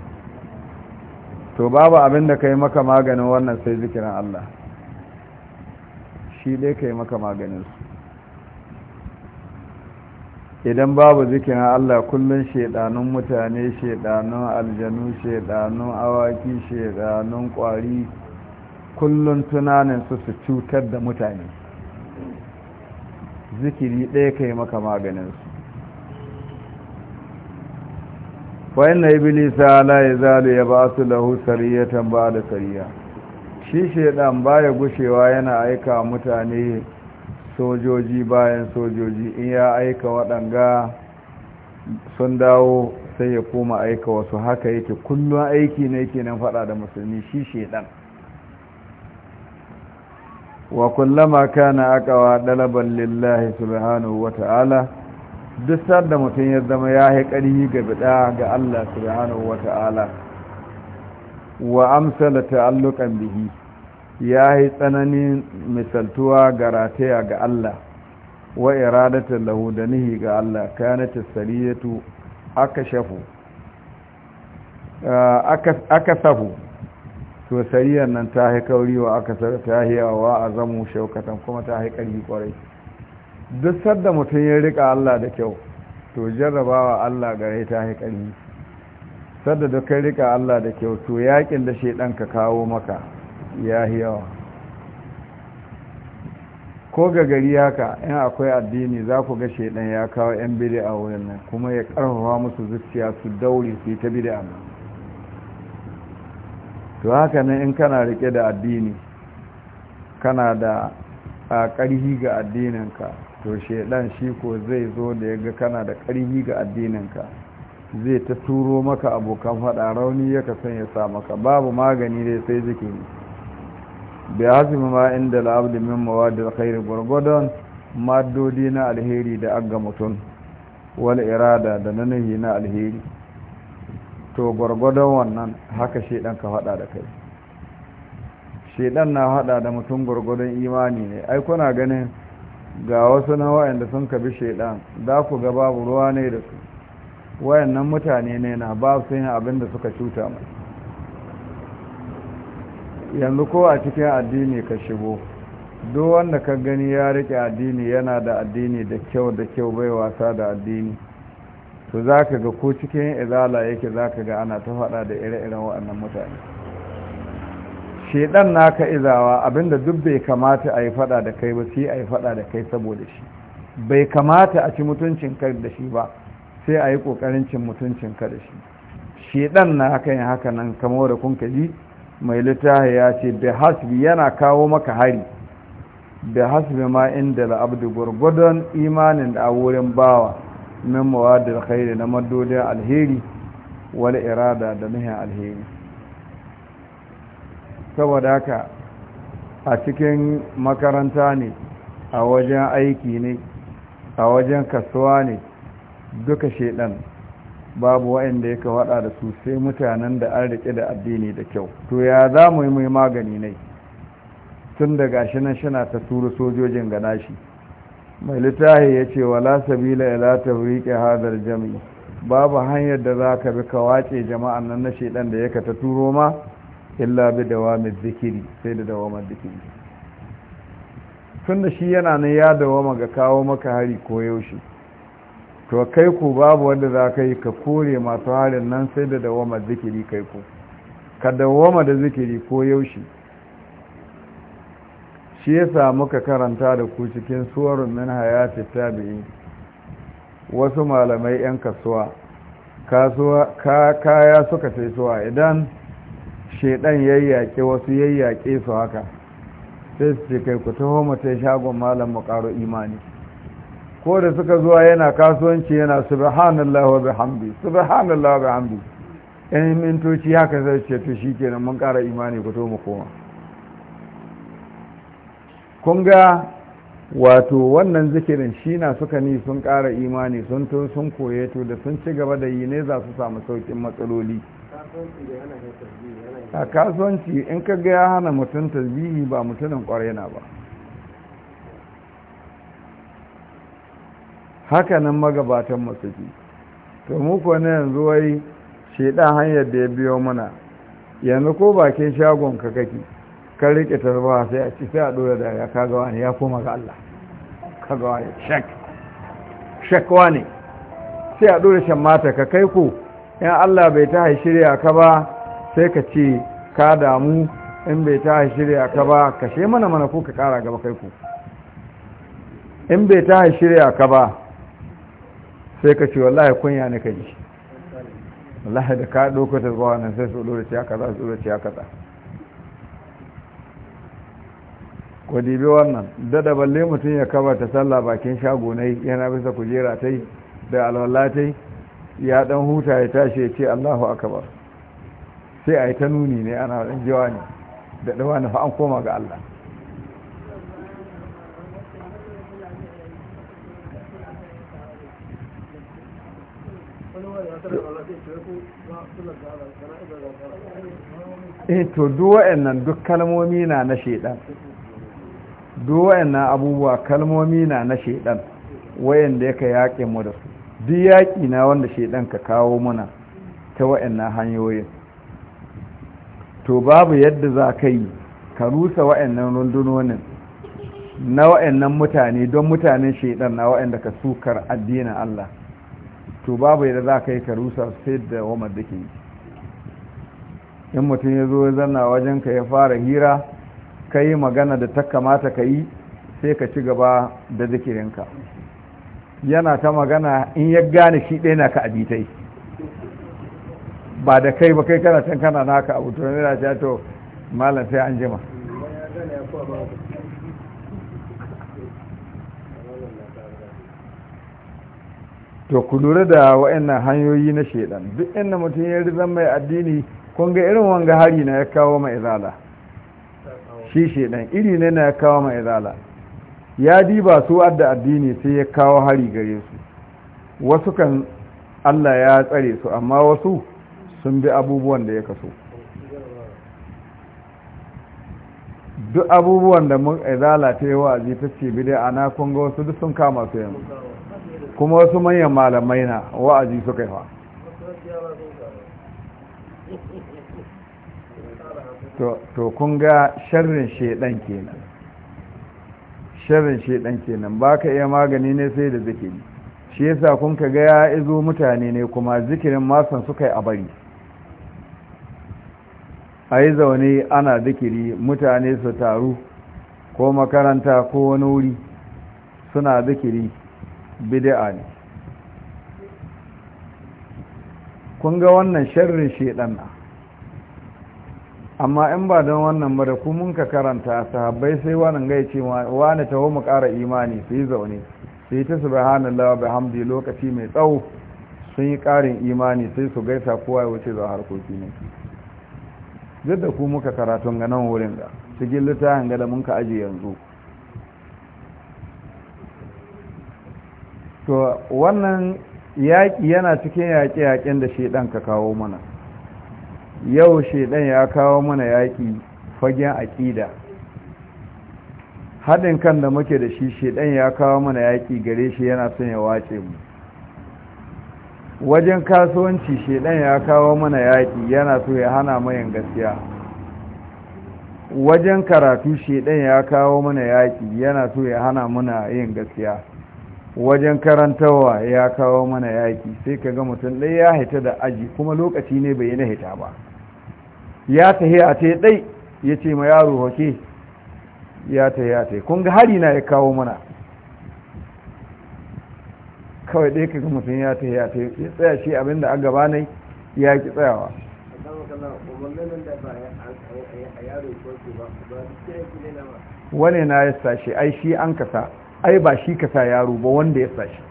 to babu abin da ka yi maka maganin wannan sai zikirin Allah shi dai ka yi maka maganinsu idan babu zikirin Allah kullum shaidanun mutane shaidanun aljanu shaidanun awaki shaidanun kwari kullum tunanin su su cutar da mutane zikiri ɗaya kai maka maganinsu ya zalu ya ba su lahu sariyatan da sariya shi shaiɗan baya gushewa yana aika mutane sojoji bayan sojoji in ya aika waɗanga sun dawo sai ya koma aika wasu haka yake kullum aiki ne nan faɗa da musulmi shi shedan wa kullama kana wa dalaban lillahi subhanahu wa ta'ala duk sanda mutum ya zama ya yi ga bida ga Allah subhanahu wa ta'ala wa amsala ta'alluqan bihi ya yi tsananin misaltuwa ga rataya ga Allah wa iradatar lahu da nihi ga Allah kanatar sariyatu aka shafu aka ah, sahu to sariyar nan ta haikauri wa aka ta yawa a zamu shaukatan kuma ta haikari kwarai duk sadda mutum ya rika Allah da kyau to jarrabawa Allah gare ta haikari sadda duk kai rika Allah da kyau to yakin da shaidan ka kawo maka ya ko ga gari haka in akwai addini za ku ga shaidan ya kawo 'yan biri a wurin nan kuma ya karfafa musu zuciya su daure su yi ta a nan to haka nan in kana rike da addini kana da ƙarfi ga addininka to shaidan shi ko zai zo da ya ga kana da ƙarfi ga addininka zai ta turo maka abokan faɗa rauni ya kasan ya sa maka babu magani dai sai zikiri bi hasbi ma inda al'abdi min mawadil khair gurgudan maddodi na alheri da aga mutum wal irada da nanahi na alheri to gwargwadon wannan haka shedan ka hada da kai shedan na hada da mutum gwargwadon imani ne ai kuna ganin ga wasu na wayanda sun kabi shedan za ku ga babu ruwa ne da su wayannan mutane ne na ba su yin abin da suka cuta mai yanzu ko a cikin addini ka shigo duk wanda ka gani ya rike addini yana da addini da kyau da kyau bai wasa da addini to za ka ga ko cikin izala yake za ka ga ana ta faɗa da ire-iren waɗannan mutane shedan naka izawa abinda duk bai kamata a yi faɗa da kai ba sai a yi faɗa da kai saboda shi bai kamata a ci mutuncin ka da shi ba sai a yi ƙoƙarin cin mutuncin ka da shi shedan na haka yin haka nan kamo da kun ka ji mai littafi ya ce bi yana kawo maka hari bi hasbi ma inda al'abdu gwargwadon imanin da a wurin bawa min da khairi na madodin alheri wal irada da nuhin alheri saboda haka a cikin makaranta ne a wajen aiki ne a wajen kasuwa ne duka shaidan babu waɗanda yake waɗa da su sai mutanen da an rike da addini da kyau to ya za mu yi mai magani ne tun da gashi nan shina ta tura sojojin ga nashi mai littahi ya ce wala sabila ila tawriqi hadar Jami? babu hanyar da za ka bi ka wace jama'an nan na shedan da yake ta turo ma illa bi dawamid zikiri sai da dawamar zikiri tun da shi yana nan ya dawama ga kawo maka hari ko yaushe to kai ku babu wanda za ka yi ka kore masu halin nan sai da dawama zikiri kai ku ka dawoma da zikiri ko yaushe shi ya samu ka karanta da ku cikin suwarun min hayati tabi'i wasu malamai 'yan kasuwa kaya suka ce suwa idan shaidan yayyake wasu yayyake su haka sai su ce kai ku taho mu ta shagon malam mu karo imani ko da suka zuwa yana kasuwanci yana subhanallah wa bihamdi subhanallah wa bihamdi yan mintoci haka zai ce to shikenan mun ƙara imani ku to mu koma kun ga wato wannan zikirin shi na suka ni sun kara imani sun to sun koye to da sun ci gaba da yi ne za su samu saukin matsaloli a kasuwanci in ka ga ya hana mutum tasbihi ba mutumin ƙwarai ba haka nan magabatan mu suke to mu ko ne yanzu wai shedan hanyar da ya biyo mana yanzu ko bakin shagon ka kake ka rike tarba sai a ci sai a dora da ya kaga wani ya koma ga Allah kaga wani shak shak wani sai a dora shan mata ka kai ko in Allah bai ta shirya ka ba sai ka ce ka damu in bai ta shirya ka ba kashe mana mana ko ka kara gaba kai ko? in bai ta shirya ka ba sai ka ce wallahi kunya ne ka ji wallahi da ka dokota zuwa nan sai su lura kaza su lura ciya kaza ku dibi wannan dada balle mutum ya kaba ta sallah bakin shago na yana bisa kujera ta yi da alwallatai ya ɗan huta ya tashi ya ce allahu akabar sai a yi ta nuni ne ana ɗan jawa ne da ɗawa na fa an koma ga allah eh to duwa'annan duk kalmomi na na shaidan duwa'annan abubuwa kalmomi na na shaidan wayanda yake yaƙe mu da su duk yaƙi na wanda shaidan ka kawo muna ta wayannan hanyoyin to babu yadda za ka yi ka rusa wayannan rundunonin na wayannan mutane don mutanen shaidan na wayanda ka sukar addinin Allah to babu yadda za ka yi ka rusa sai da wamar da ke in mutum ya zo ya zanna wajen ka ya fara hira ka yi magana da ta kamata ka yi sai ka ci gaba da zikirinka yana ta magana in ya gane shi ɗaya na ka abitai ba da kai ba kai kana can kana naka abu to ne ta to malam sai an jima to ku lura da wa'annan hanyoyi na shaidan duk inda mutum ya rizan mai addini kun ga irin wanga hari na ya kawo mai izala shi shaidan iri ne na ya kawo mai izala ya diba su adda addini sai ya kawo hari gare su wasu kan Allah ya tsare su amma wasu sun bi abubuwan da ya kaso duk abubuwan da mun izala ta yi wa'azi ta ce bidai ana kunga wasu duk sun kama su yanzu kuma wasu manyan malamai na wa'azi suka yi fa to kun ga sharrin shedan kenan sharrin shedan kenan ba ka iya magani ne sai da zikiri shi yasa kun ka ga ya izo mutane ne kuma zikirin masan suka yi a bari a yi zaune ana zikiri mutane su taru ko makaranta ko wani wuri suna zikiri bid'a ne kun ga wannan sharrin shedan na amma in ba don wannan ba da mun ka karanta sahabbai sai wannan gai ce wani taho mu ƙara imani su yi zaune su yi ta subhanallah wa bihamdi lokaci mai tsawo sun yi ƙarin imani sai su gaisa kowa ya wuce zuwa harkoki ne duk da ku muka karatun ga nan wurin ga cikin littafin ga da mun ka aji yanzu to wannan yaƙi yana cikin yaƙe-yaƙen da shaidan ka kawo mana yau shaidan ya kawo mana yaƙi fagen aƙida haɗin kan da muke da shi shaidan ya kawo mana yaƙi gare shi yana son ya wace mu wajen kasuwanci shaidan ya kawo mana yaƙi yana so ya hana mayan gaskiya wajen karatu shaidan ya kawo mana yaƙi yana so ya hana mana yin gaskiya wajen karantarwa ya kawo mana yaki sai ka ga mutum ɗaya ya hita da aji kuma lokaci ne bai yi na hita ba ya tahi a ce ɗai ya ce ma yaro hoke ya tahi a ta kun ga hari na ya kawo mana kawai ɗaya ka ga mutum ya tahi a ta ya tsaya shi abinda a gaba ne ya ki tsayawa wani na ya sashi ai shi an kasa ai ba shi ka sa yaro ba wanda ya sa shi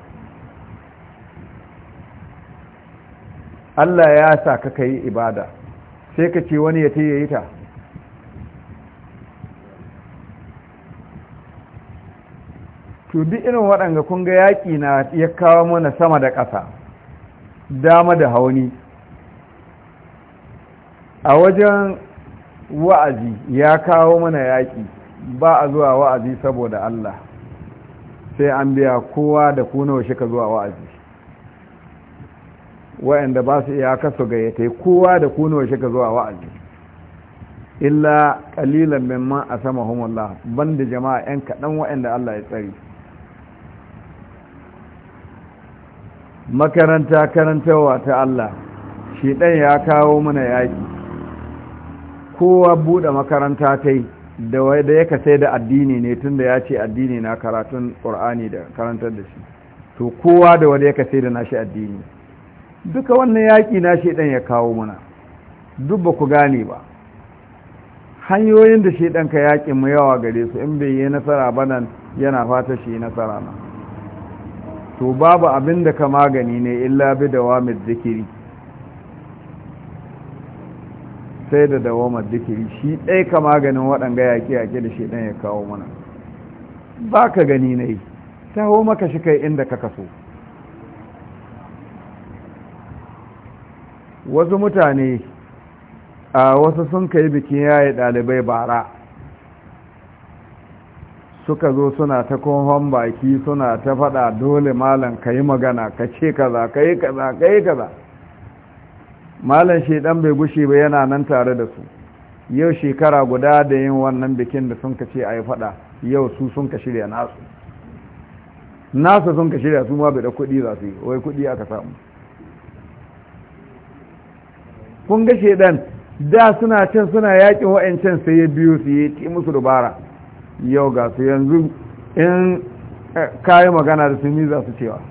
Allah ya sa ka kai ibada sai ka ce wani ya ta yi ta to irin waɗanga kunga yaƙi na ya kawo mana sama da ƙasa dama da hauni a wajen wa'azi ya kawo mana yaƙi ba a zuwa wa'azi saboda Allah sai an biya kowa da ku nawa shi ka zuwa wa'azi wa'anda ba su iya kasu gayyata kowa da ku nawa shi ka zuwa wa'azi illa kalilan mimman a sama banda jama'a 'yan kaɗan wa'anda Allah ya tsari makaranta karantarwa ta Allah shi ɗan ya kawo mana yaƙi kowa buɗe makaranta ta yi da wai da da addini ne tunda ya ce addini na karatun qur'ani da karantar da shi to kowa da wanda ya sai da nashi addini duka wannan yaƙi na shaidan ya kawo muna, duk ba ku gane ba hanyoyin da shaidan ka yakin mu yawa gare su in bai yi nasara ba nan yana fata shi nasara na to babu abin da ka magani ne illa bi da wa zikiri sai da dawamar zikiri shi ɗai ka maganin waɗanga yaƙi yaƙi da shi ɗan ya kawo mana ba ka gani na yi taho maka shi kai inda ka kaso wasu mutane a wasu sun kai bikin yaye ɗalibai bara suka zo suna ta kohon baki suna ta faɗa dole malam ka yi magana ka ce kaza ka yi kaza ka yi kaza malam shaidan bai gushi ba yana nan tare da su yau shekara guda da yin wannan bikin da sun kace a yi fada yau su sun ka shirya nasu nasu sun ka shirya su ma bai da kudi za su yi wai kudi aka samu kun ga shaidan da suna can suna yakin wa'ancan sai ya biyo su ya ci musu dubara yau ga su yanzu in eh, kayi magana da su ni za su cewa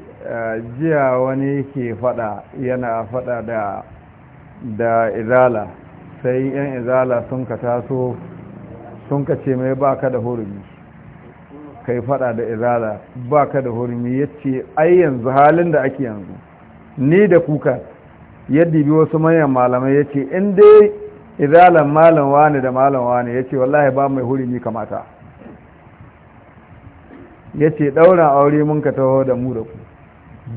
jiya wani ke fada yana fada da da izala sai yan izala sun ka taso sun ka ce mai baka da hurumi kai fada da izala baka da hurumi yace ai yanzu halin da ake yanzu ni da kuka yadda bi wasu manyan malamai yace in dai izalan malam wani da malam wani yace wallahi ba mai hurumi kamata yace daura aure mun ka taho da mu da ku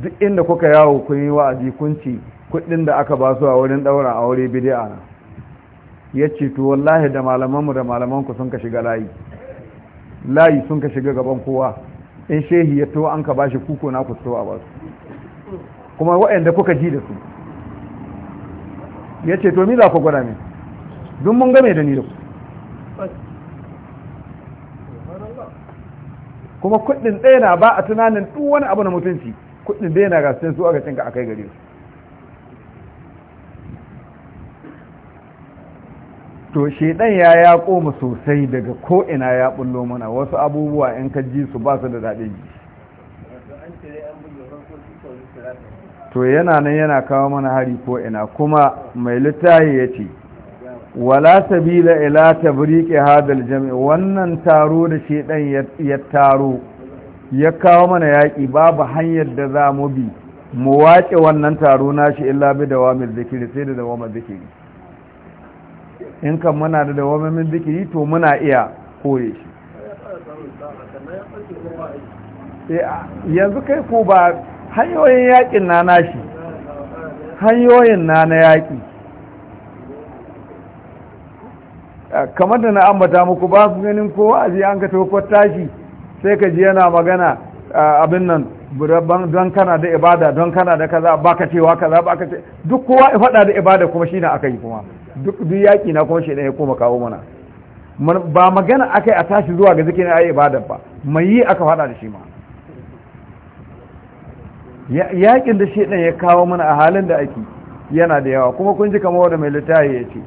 duk inda kuka yawo kun yi wa'azi kun ce kuɗin da aka ba su a wurin ɗaura a wuri bidi'a na ya ce to wallahi da malamanmu da malamanku sun ka shiga layi layi sun ka shiga gaban kowa in shehi ya to an ka ba shi kuko na ku towa ba su kuma wa'anda kuka ji da su ya ce to ni za ku gwada min Don mun game da ni da ku kuma kuɗin ɗaya na ba a tunanin duk wani abu na mutunci kudin da yana gasin su aka cinka akai gare su to shedan ya ya koma sosai daga ko'ina ya bullo mana wasu abubuwa in ka ji su ba su da daɗin ji to yana nan yana kawo mana hari ko'ina kuma mai littahi ya ce wala sabila ila tabriki hadal jami' wannan taro da shedan ya taro ya kawo mana yaƙi babu hanyar da za mu bi mu waƙe wannan taro nashi illa bi da wamin zikiri sai da dawamin zikiri in kan muna da dawamin zikiri to muna iya kore shi eh, yanzu kai ko ba hanyoyin yaƙin na nashi hanyoyin na na yaƙi kamar da na ambata muku ba su ganin kowa a an ka tafi kwata shi sai ka ji yana magana abin nan don kana da ibada don kana da kaza baka cewa kaza baka ce duk kowa ya faɗa da ibada kuma shi na aka yi kuma duk yaƙi na kuma shi ne ya koma kawo mana ba magana aka yi a tashi zuwa ga zikin ayi ibada ba mai yi aka faɗa da shi ma yaƙin da shi ya kawo mana a halin da ake yana da yawa kuma kun ji kamar wanda mai littafi ya ce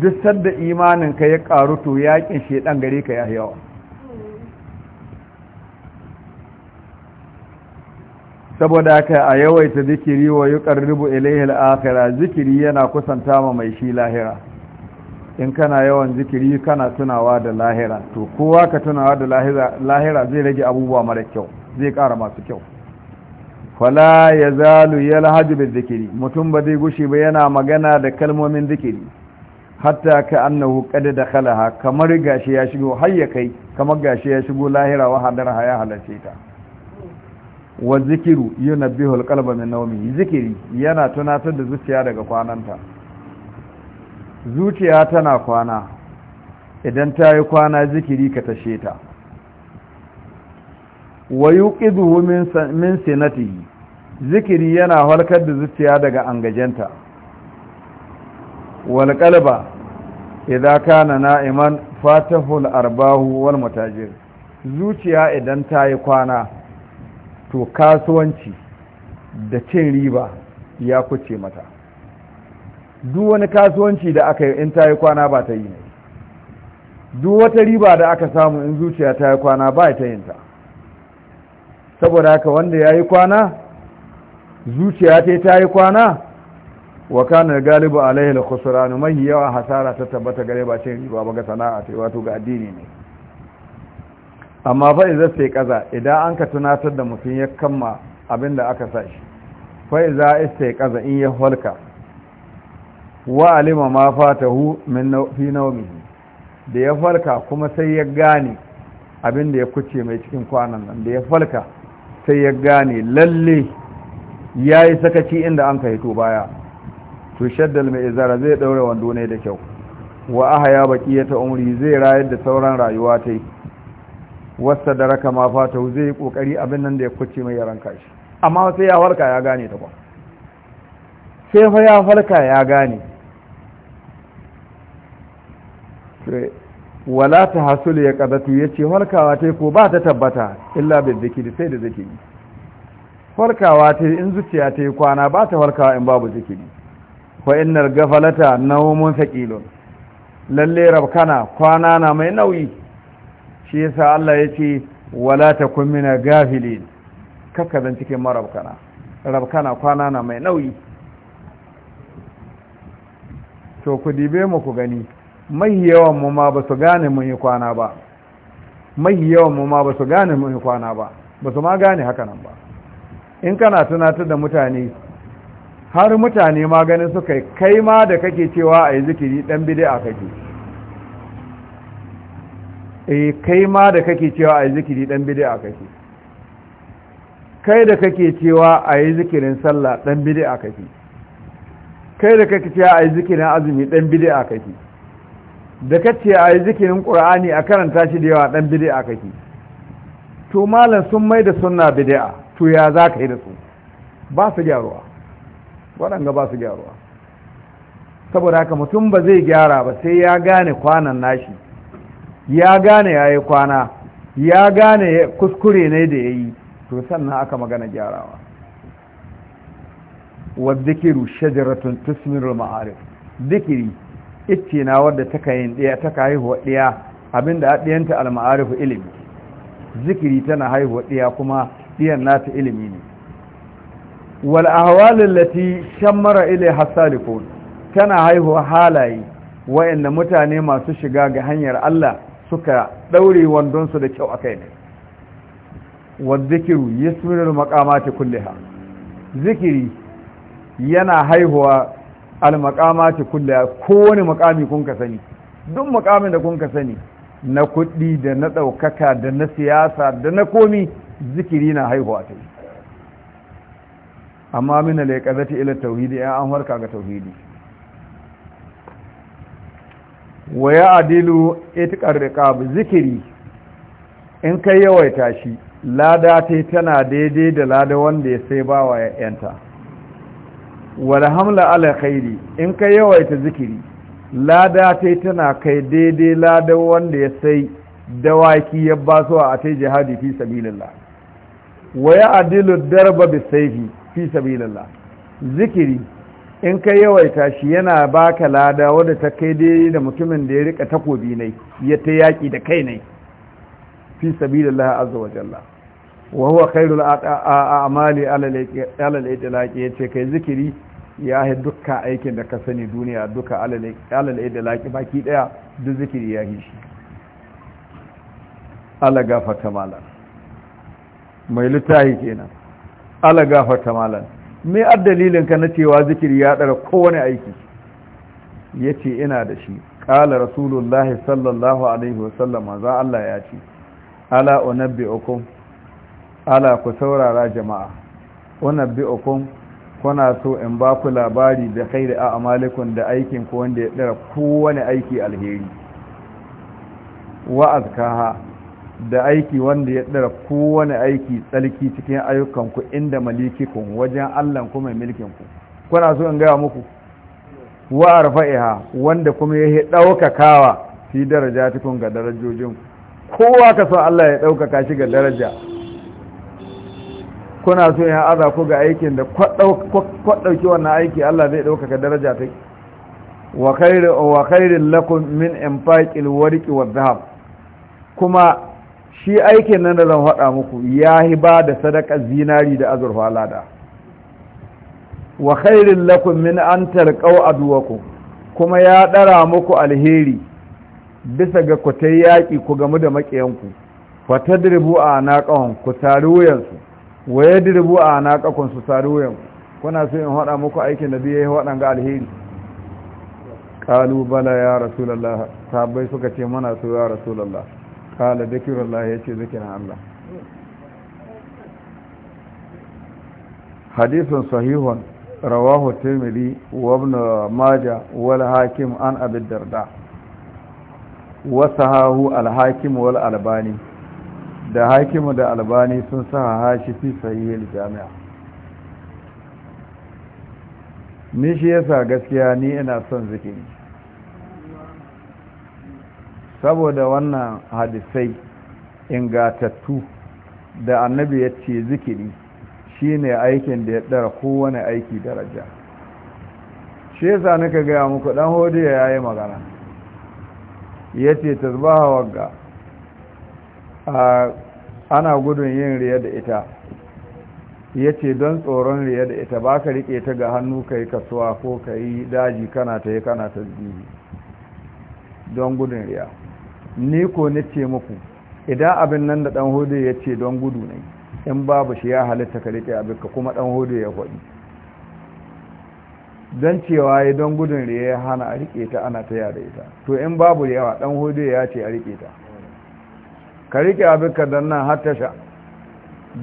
duk sadda imanin ka ya karu to yaƙin shi gare ka ya yawa saboda haka a yawaita zikiri wa yi ilayhi al-akhirah zikiri yana kusanta ma mai shi lahira in kana yawan zikiri kana tunawa da lahira to kowa ka tunawa da lahira zai rage abubuwa mara kyau zai ƙara masu kyau fala ya zalu ya lahaji da zikiri mutum ba zai gushi ba yana magana da kalmomin zikiri hatta ka annahu kada da khalaha kamar gashi ya shigo har ya kai kamar gashi ya shigo lahira wa hadar ya halace ta wa zikiru yunabbihu alqalba min naumi. zikiri yana tunatar da zuciya daga kwananta zuciya tana kwana idan ta yi kwana zikiri ka tashe ta wa yuqidhu min sinatihi zikiri yana halkar da zuciya daga angajenta wal qalba idza kana na'iman fatahul arbahu wal mutajir zuciya idan ta yi kwana to kasuwanci da cin riba ya kuce mata duk wani kasuwanci da aka yi in ta yi kwana ba ta yi ne duk wata riba da aka samu in zuciya ta yi kwana ba ta yin ta saboda haka wanda ya yi kwana zuciya ta ta yi kwana wa kana galibu alaihi lakusura khusran mai yawa hasara ta tabbata gare ba cin riba ba ga sana'a ta wato ga addini ne amma fa iza sai kaza idan an ka tunatar da mutum ya kamma abin da aka sa shi fa iza sai kaza in ya halka wa alima ma fatahu min fi nawmihi da ya falka kuma sai ya gane abin da ya kuce mai cikin kwanan nan da ya falka sai ya gane lalle ya yi sakaci inda an ka hito baya to shaddal mai izara zai ɗaure wando ne da kyau wa aha ya baki ya ta umri zai rayar da sauran rayuwa ta yi wasta da raka ma fata zai yi kokari abin nan da ya kuce mai yaran kashi amma sai ya farka ya gane ta kwa sai fa ya farka ya gane wala ta hasulu ya kadatu ya ce farkawa ta ko ba ta tabbata illa bai zikiri sai da zikiri farkawa ta in zuciya ta yi kwana ba ta farkawa in babu zikiri wa innar gafalata homon saqilun lalle rabkana kwana na mai nauyi shi yasa Allah ya ce wala ta mina gafilin kakka zan cikin marabkana rabkana kwana na mai nauyi to ku dibe mu ku gani mai yawan mu ma ba su gane mun yi kwana ba mai yawan mu ma ba su gane mun yi kwana ba ba su ma gane haka nan ba in kana tunatar da mutane har mutane ma ganin suka kai ma da kake cewa a yi zikiri dan bid'a kake eh kai ma da kake cewa a yi zikiri dan bid'a kake kai da kake cewa a yi zikirin sallah dan bid'a kake kai da kake cewa a yi zikirin azumi dan bid'a kake da kace a yi zikirin qur'ani a karanta shi da yawa dan bid'a kake to malam sun mai da sunna bid'a to ya za ka yi da su ba su gyaruwa waɗanga ba su gyaruwa saboda haka mutum ba zai gyara ba sai ya gane kwanan nashi ya gane ya yi kwana ya gane kuskure ne da ya yi to sannan aka magana gyarawa wadda zikiru shajaratun tusmirul ma'arif zikiri ice na wadda ka yi ɗaya ta ka haihuwa ɗaya abinda a ɗiyanta al-ma'arifu ilimi zikiri tana haihuwa ɗaya kuma ɗiyan nata ilimi ne wal ahwalin lati shammara ilai hasalifun tana haihuwa halaye wa'anda mutane masu shiga ga hanyar Allah suka daure wandonsu da kyau a kai ne ya wadhikiru yasmiru kulle ha? zikiri yana haihuwa kulle ko kowane makami kun ka sani duk makamin da kun ka sani na kuɗi da na ɗaukaka da na siyasa da na komi zikiri na haihuwa ta yi amma mina laika zata ila tauhidi ya an harka ga tauhidi wa ya adilu itikar riqab zikiri in kai yawaita shi lada ta tana daidai da lada wanda ya sai bawa ya yanta wala hamla ala khairi in kai yawaita zikiri lada ta tana kai daidai lada wanda ya sai dawaki ya baso a ta jihadi fi sabilillah wa ya adilu darba bisayfi fi sabilillah zikiri in ka yawaita shi yana baka lada wadda ta kai dai da mutumin da ya rika takobi ne ya ta yaki da kai ne fi sabilillah azza wa jalla wa huwa khairul a'mali ala al ya yace kai zikiri ya yi dukkan aikin da ka sani duniya duka alal itlaqi baki daya duk zikiri ya yi shi ala gafarta malan mai litahi kenan ala gafarta malan me dalilin ka na cewa zikiri ya ɗara kowane aiki Ya ce ina da shi ƙala rasulullahi sallallahu alaihi wasallam za Allah ya ce ala unabbiukum ala ku saurara jama'a unabbiukum kuna so in ba ku labari da kai da malikun da aikin ku wanda ya ɗara kowane aiki alheri wa azkaha da aiki wanda ya ɗara kowane aiki tsarki cikin ayyukanku inda malikikun wajen allan ku mai milkinku kuna so in gaya muku wa arfa'iha wanda kuma ya yi ɗaukakawa fi daraja cikin ga darajojin kowa ka so allah ya ɗaukaka shi ga daraja kuna so ya aza ku ga aikin da kwaɗauki wannan aiki allah zai ɗaukaka daraja ta wa khairin lakum min infaqil warqi wadh-dhahab kuma shi aikin nan da zan faɗa muku ya yi ba da sadakar zinari da azurfa lada wa khairin lakum min an tarqau aduwakum kuma ya ɗara muku alheri bisa ga ku ta yaƙi ku gamu da maƙiyanku fa tadribu a ku tari wuyansu wa yadribu a su tari wuyanku kuna so in faɗa muku aikin da ya yi ga alheri qalu bala ya rasulullah Sabai suka ce mana so ya rasulullah kala Allah ya ce zikirin Allah hadisun sahihun rawahu tirmidhi wa ibn majah wal hakim an abi darda wa sahahu al hakim wal albani da hakim da albani sun saha shi fi sahih al jami'a ni shi yasa gaskiya ni ina son zikiri saboda wannan hadisai ingatattu da annabi ya ce zikiri shine aikin da ya ɗara kowane aiki daraja shi yasa nika gaya muku ɗan hodiya ya yi magana ya ce tasbaha wagga ana gudun yin riya da ita ya ce don tsoron riya da ita ba ka riƙe ta ga hannu ka yi kasuwa ko ka yi daji kana ta yi kana ta tasbihi don gudun riya ni ko na ce muku idan abin nan da dan hudu ya ce don gudu ne in babu shi ya halitta ka rike abin ka kuma dan hudu ya faɗi don cewa ya don gudun riya ya hana a rike ta ana ta yada ita to in babu yawa dan hudu ya ce a rike ta ka rike abin ka don nan har tasha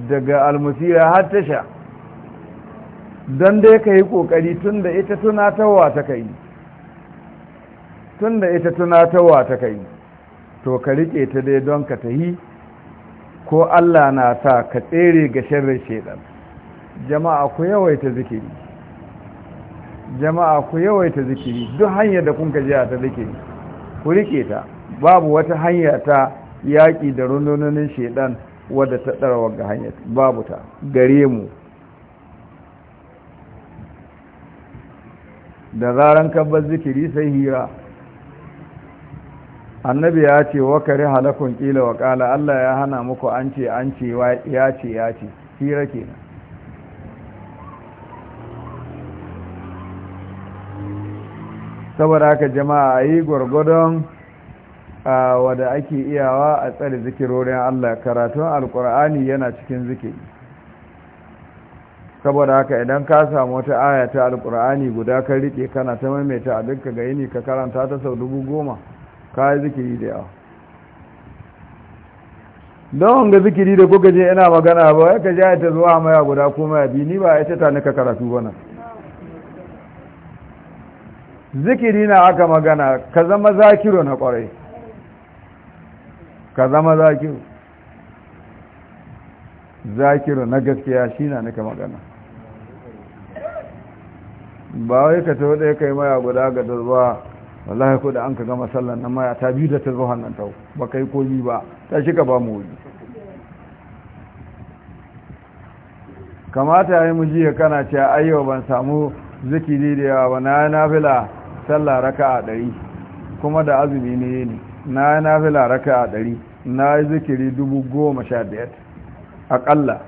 daga almusira har tasha don dai ka yi ƙoƙari tun da ita tunatarwa ta kai tun da ita tunatarwa ta kai to ka riƙe ta dai don ka tahi ko Allah na sa ka tsere ga sharrin shaidan jama'a ku yawaita zikiri jama'a ku yawaita zikiri duk hanyar da kun ka jiya ta zikiri ku riƙe ta babu wata hanya ta yaƙi da rundunonin shaidan wadda ta ɗarawa ga hanyar babu ta gare mu da zaran kabbar zikiri sai hira annabi ya ce wa kare halakun kila wa kala Allah ya hana muku an ce an ce ya ce ya ce hira kenan saboda haka jama'a yi gwargwadon wadda ake iyawa a tsare zikirorin Allah karatun alkur'ani yana cikin zikiri saboda haka idan ka samu wata aya ta alkur'ani guda kan riƙe kana ta maimaita a dukka ga yini ka karanta ta sau dubu goma kayi zikiri da yawa don ga zikiri da kuka je ina magana ba ya ka ja ta zuwa maya guda ko maya biyu ni ba ya ce ta nika karatu ba nan zikiri na aka magana ka zama zakiro na kwarai ka zama zakiro zakiro na gaskiya shi na nika magana ba wai ka ta ya kai maya guda ga zuwa wallahi ko da an ka gama sallan nan maya ta biyu da ta zuwa nan tau ba kai komi ba ta shiga ba mu wuri kamata ya yi mu jiya kana ce ayyawa ban samu zikiri da yawa ba na nafila sallah raka a ɗari kuma da azumi ne ne na nafila raka a ɗari na yi zikiri dubu goma sha biyar aƙalla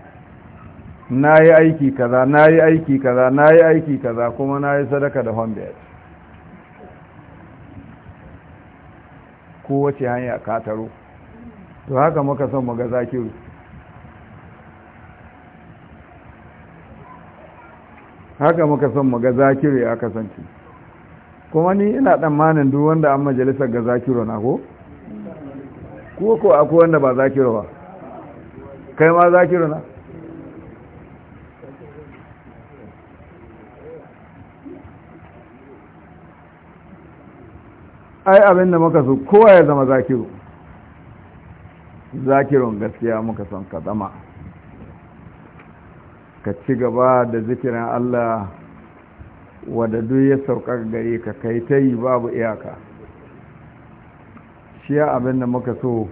na yi aiki kaza na yi aiki kaza na yi aiki kaza kuma na yi sadaka da hon kowace hanya ka taro to haka muka son mu ga zakiru haka muka son mu ga zakiru ya kasance kuma ni ina tsammanin duk wanda an majalisar ga zakiru na ko ko ko akwai wanda ba zakiru ba kai ma zakiru na ai abin da muka so kowa ya zama zakiru zakirun gaskiya muka son ka zama ka ci gaba da zikirin Allah wadda duk ya sauka gare ka kai ta yi babu iyaka shi abin da muka so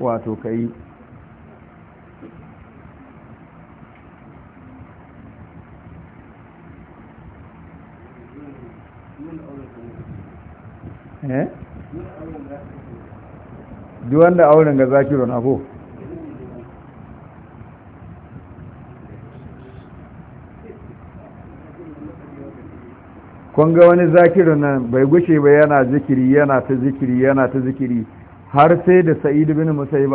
wato ka yi eh duk wanda auren ga ron abu kun ga wani zakirin nan bai gushe ba yana zikiri yana ta zikiri yana ta zikiri har sai da sa'idu bin ba musayyib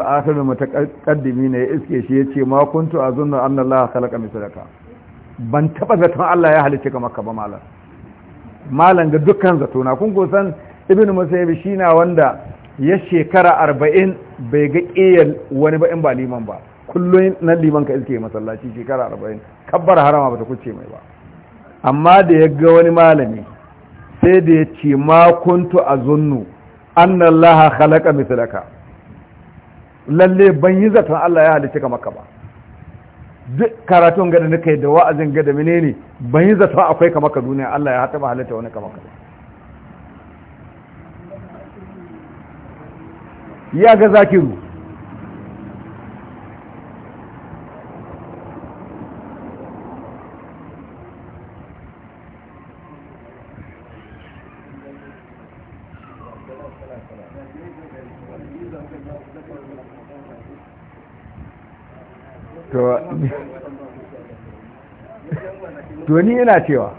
mata kaddimi na ya iske shi ya ce ma kuntu azunnu annala allaha mai sadaka ban taba zaton Allah ya halice ka ba malam malam ga dukkan zato na kun san ibn musaibi shi na wanda ya shekara arba'in bai ga ƙiyar wani ba in ba liman ba kullum nan liman ka iske masallaci shekara arba'in kabbar harama ba ta kuce mai ba amma da ya ga wani malami sai da ya ce ma kuntu a zunnu annan laha halaka misalaka lalle ban yi zaton Allah ya halice ka maka ba duk karatun gada na yi da wa'azin gada menene ban yi zaton akwai ka maka duniya Allah ya haɗa ba halitta wani ka maka ya ga zakiru to ni ina cewa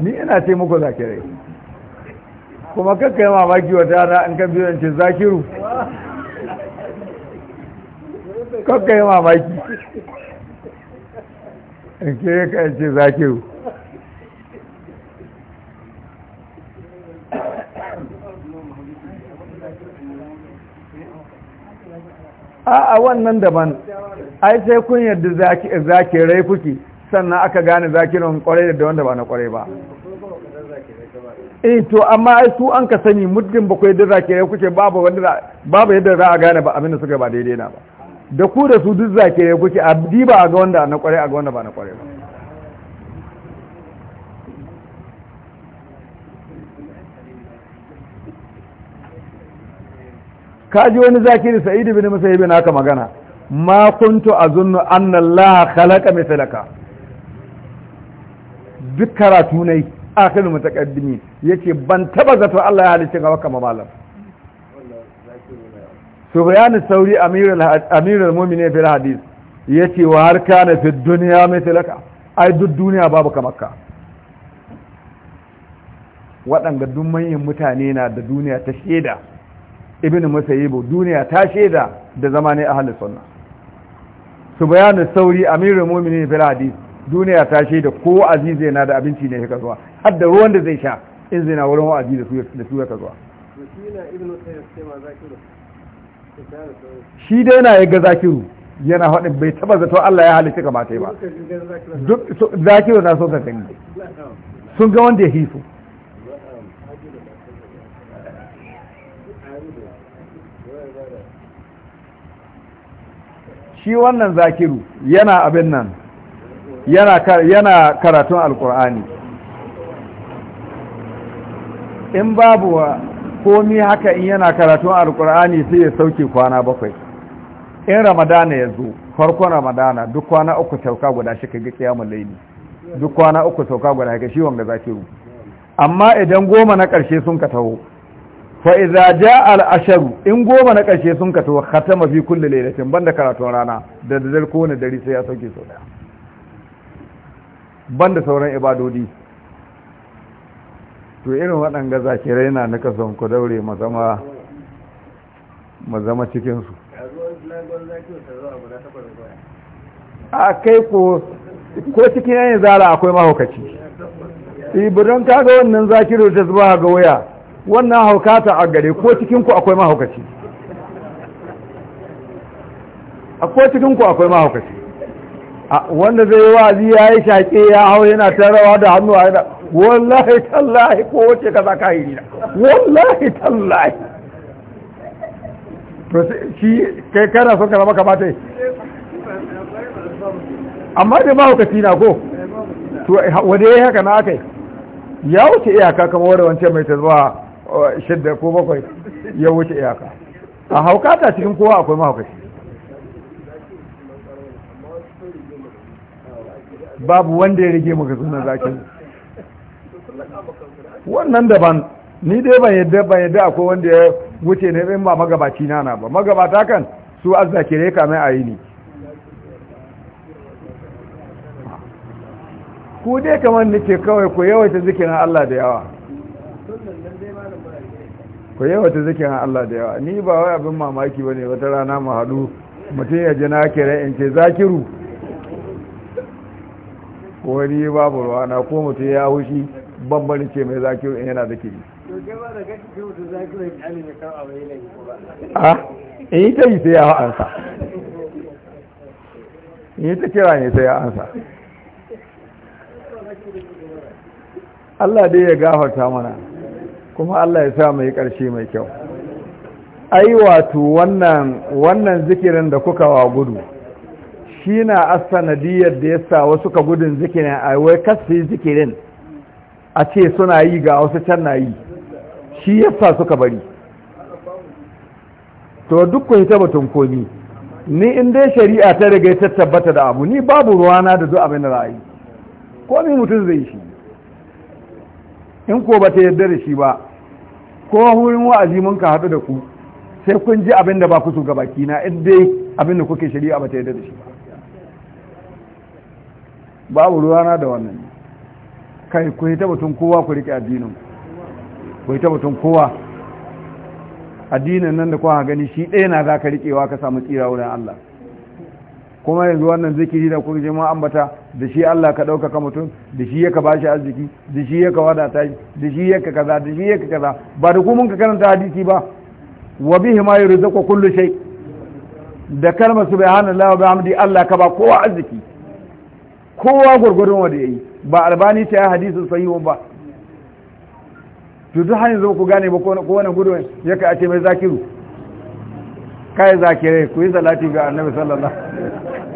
ni ina ce muku zakirai kuma kakka yi mamaki wata rana kan biyan biyo zakiru kakka yi mamaki ke ka ce za ke a wannan daban ai sai kun yadda rai kuke sannan aka gane zakirin kwarai da wanda ba na kwarai ba In eh, to amma ai su an ka sani muddin bakwai da rai kuke babu yadda za a gane ba abinda suka ba daidai na ba da ku da su duk zaki ne kuke a diba a ga wanda na kware a ga wanda ba na kware ba kaji wani zakiri sa'id ibn musayyib ka magana ma kuntu azunnu anna allah khalaqa mithlaka duk karatu ne akhirul mutaqaddimi yace ban taba zato Allah ya halicce ga kama malam bayani sauri amirul mu'minin fil hadis yace wa har kana fi dunya talaka ai duk duniya babu kamar waɗanda duk manyan mutane na da duniya ta shaida ibn musayyibu duniya ta shaida da zamanin ahlus sunna bayani sauri amirul mu'minin fil hadis duniya ta shaida ko azize na da abinci ne ka zuwa har da ruwan da zai sha in zai na wurin wa'azi da su da su ka zuwa shi dai na yaga zakiru yana haɗin bai taba zato Allah ya halitta ga matai ba duk zakiru na so ka gani sun ga wanda ya hifo. shi wannan zakiru yana abin nan yana karatun alkur'ani in babu komi haka in yana karatun alkur'ani sai ya sauke kwana bakwai in ramadana ya zo farkon ramadana duk kwana uku sauka guda shi ga kiyamun laili duk kwana uku sauka guda ga shi wanga zakiru amma idan goma na ƙarshe sun ka taho fa idza jaa al asharu in goma na ƙarshe sun ka taho khatama fi kulli lailatin banda karatun rana da daddare ko dari dare sai ya sauke sau daya banda sauran ibadodi to irin waɗanga raina na nika son ku daure mu zama cikinsu a kai ko cikin yayin zara akwai mahaukaci eh, don kaga wannan zakiru ta zuba ga waya wannan haukata a gare ko cikinku akwai mahaukaci a ko cikinku akwai mahaukaci wanda zai yi wa'azi ya yi shaƙe ya hau yana ta rawa da hannu a yana wallahi tallahi ko wace ka za ka yi na wallahi tallahi shi kai kana son karama kamata yi amma da mahaukaci na ko wadda ya yi haka na aka yi ya wuce iyaka kama wadda wancan mai ta zuwa uh, shidda ko bakwai ya wuce iyaka a haukata cikin kowa akwai mahaukaci babu wanda ya rage maka sunan zakin wannan daban ni dai ban yadda ban yadda akwai wanda ya wuce ne in ba magabaci na na ba magabata kan su azzakire ka mai ayini ku dai kamar nake kawai ku yawaita zikirin Allah da yawa ku yawaita zikirin Allah da yawa ni ba wai abin mamaki bane wata rana mu haɗu mutum ya ji na kira in ce zakiru wani babu ruwa na ko mutum ya hushi banbarin ce mai zakiru in yana zikiri a in eh, ta yi sai ya ansa in ta kira ne sai ya ansa Allah dai ya gafarta mana kuma Allah ya sa mai ƙarshe mai kyau ai wato wannan zikirin da kuka wa gudu shi na asanadiyar da ya sa wasu ka gudun zikirin a wai kasu yi zikirin a ce suna yi ga wasu can na yi shi ya sa suka bari to duk ku hita batun komi ni in dai shari'a ta riga ta tabbata da abu ni babu ruwana da zuwa abin da za a yi mutum zai shi in ko ba ta yarda da shi ba ko wurin wa'azi mun ka haɗu da ku sai kun ji abin da ba ku su gabaki na in dai abin da kuke shari'a ba ta yarda da shi ba babu ruwana da wannan kai ku yi tabbatun kowa ku riƙe addinin ku yi tabbatun kowa addinin nan da kuka gani shi ɗaya na za ka riƙewa ka samu tsira wurin Allah kuma yanzu wannan zikiri da kuma jima ambata da shi Allah ka ɗaukaka mutum da shi yaka bashi arziki da shi yaka wadata shi da shi yaka kaza da shi yaka kaza ba da kuma ka karanta hadisi ba wa bihi ma yurzuqu kullu shay da kalmar subhanallahi wa bihamdi Allah ka ba kowa arziki kowa gwargwadon wanda ya yi ba albani ta ya hadisun sahihun ba tutu hanyar zama ku gane ba kowane wani gudun ya ka ce mai zakiru kai zakirai ku yi salati ga annabi sallallahu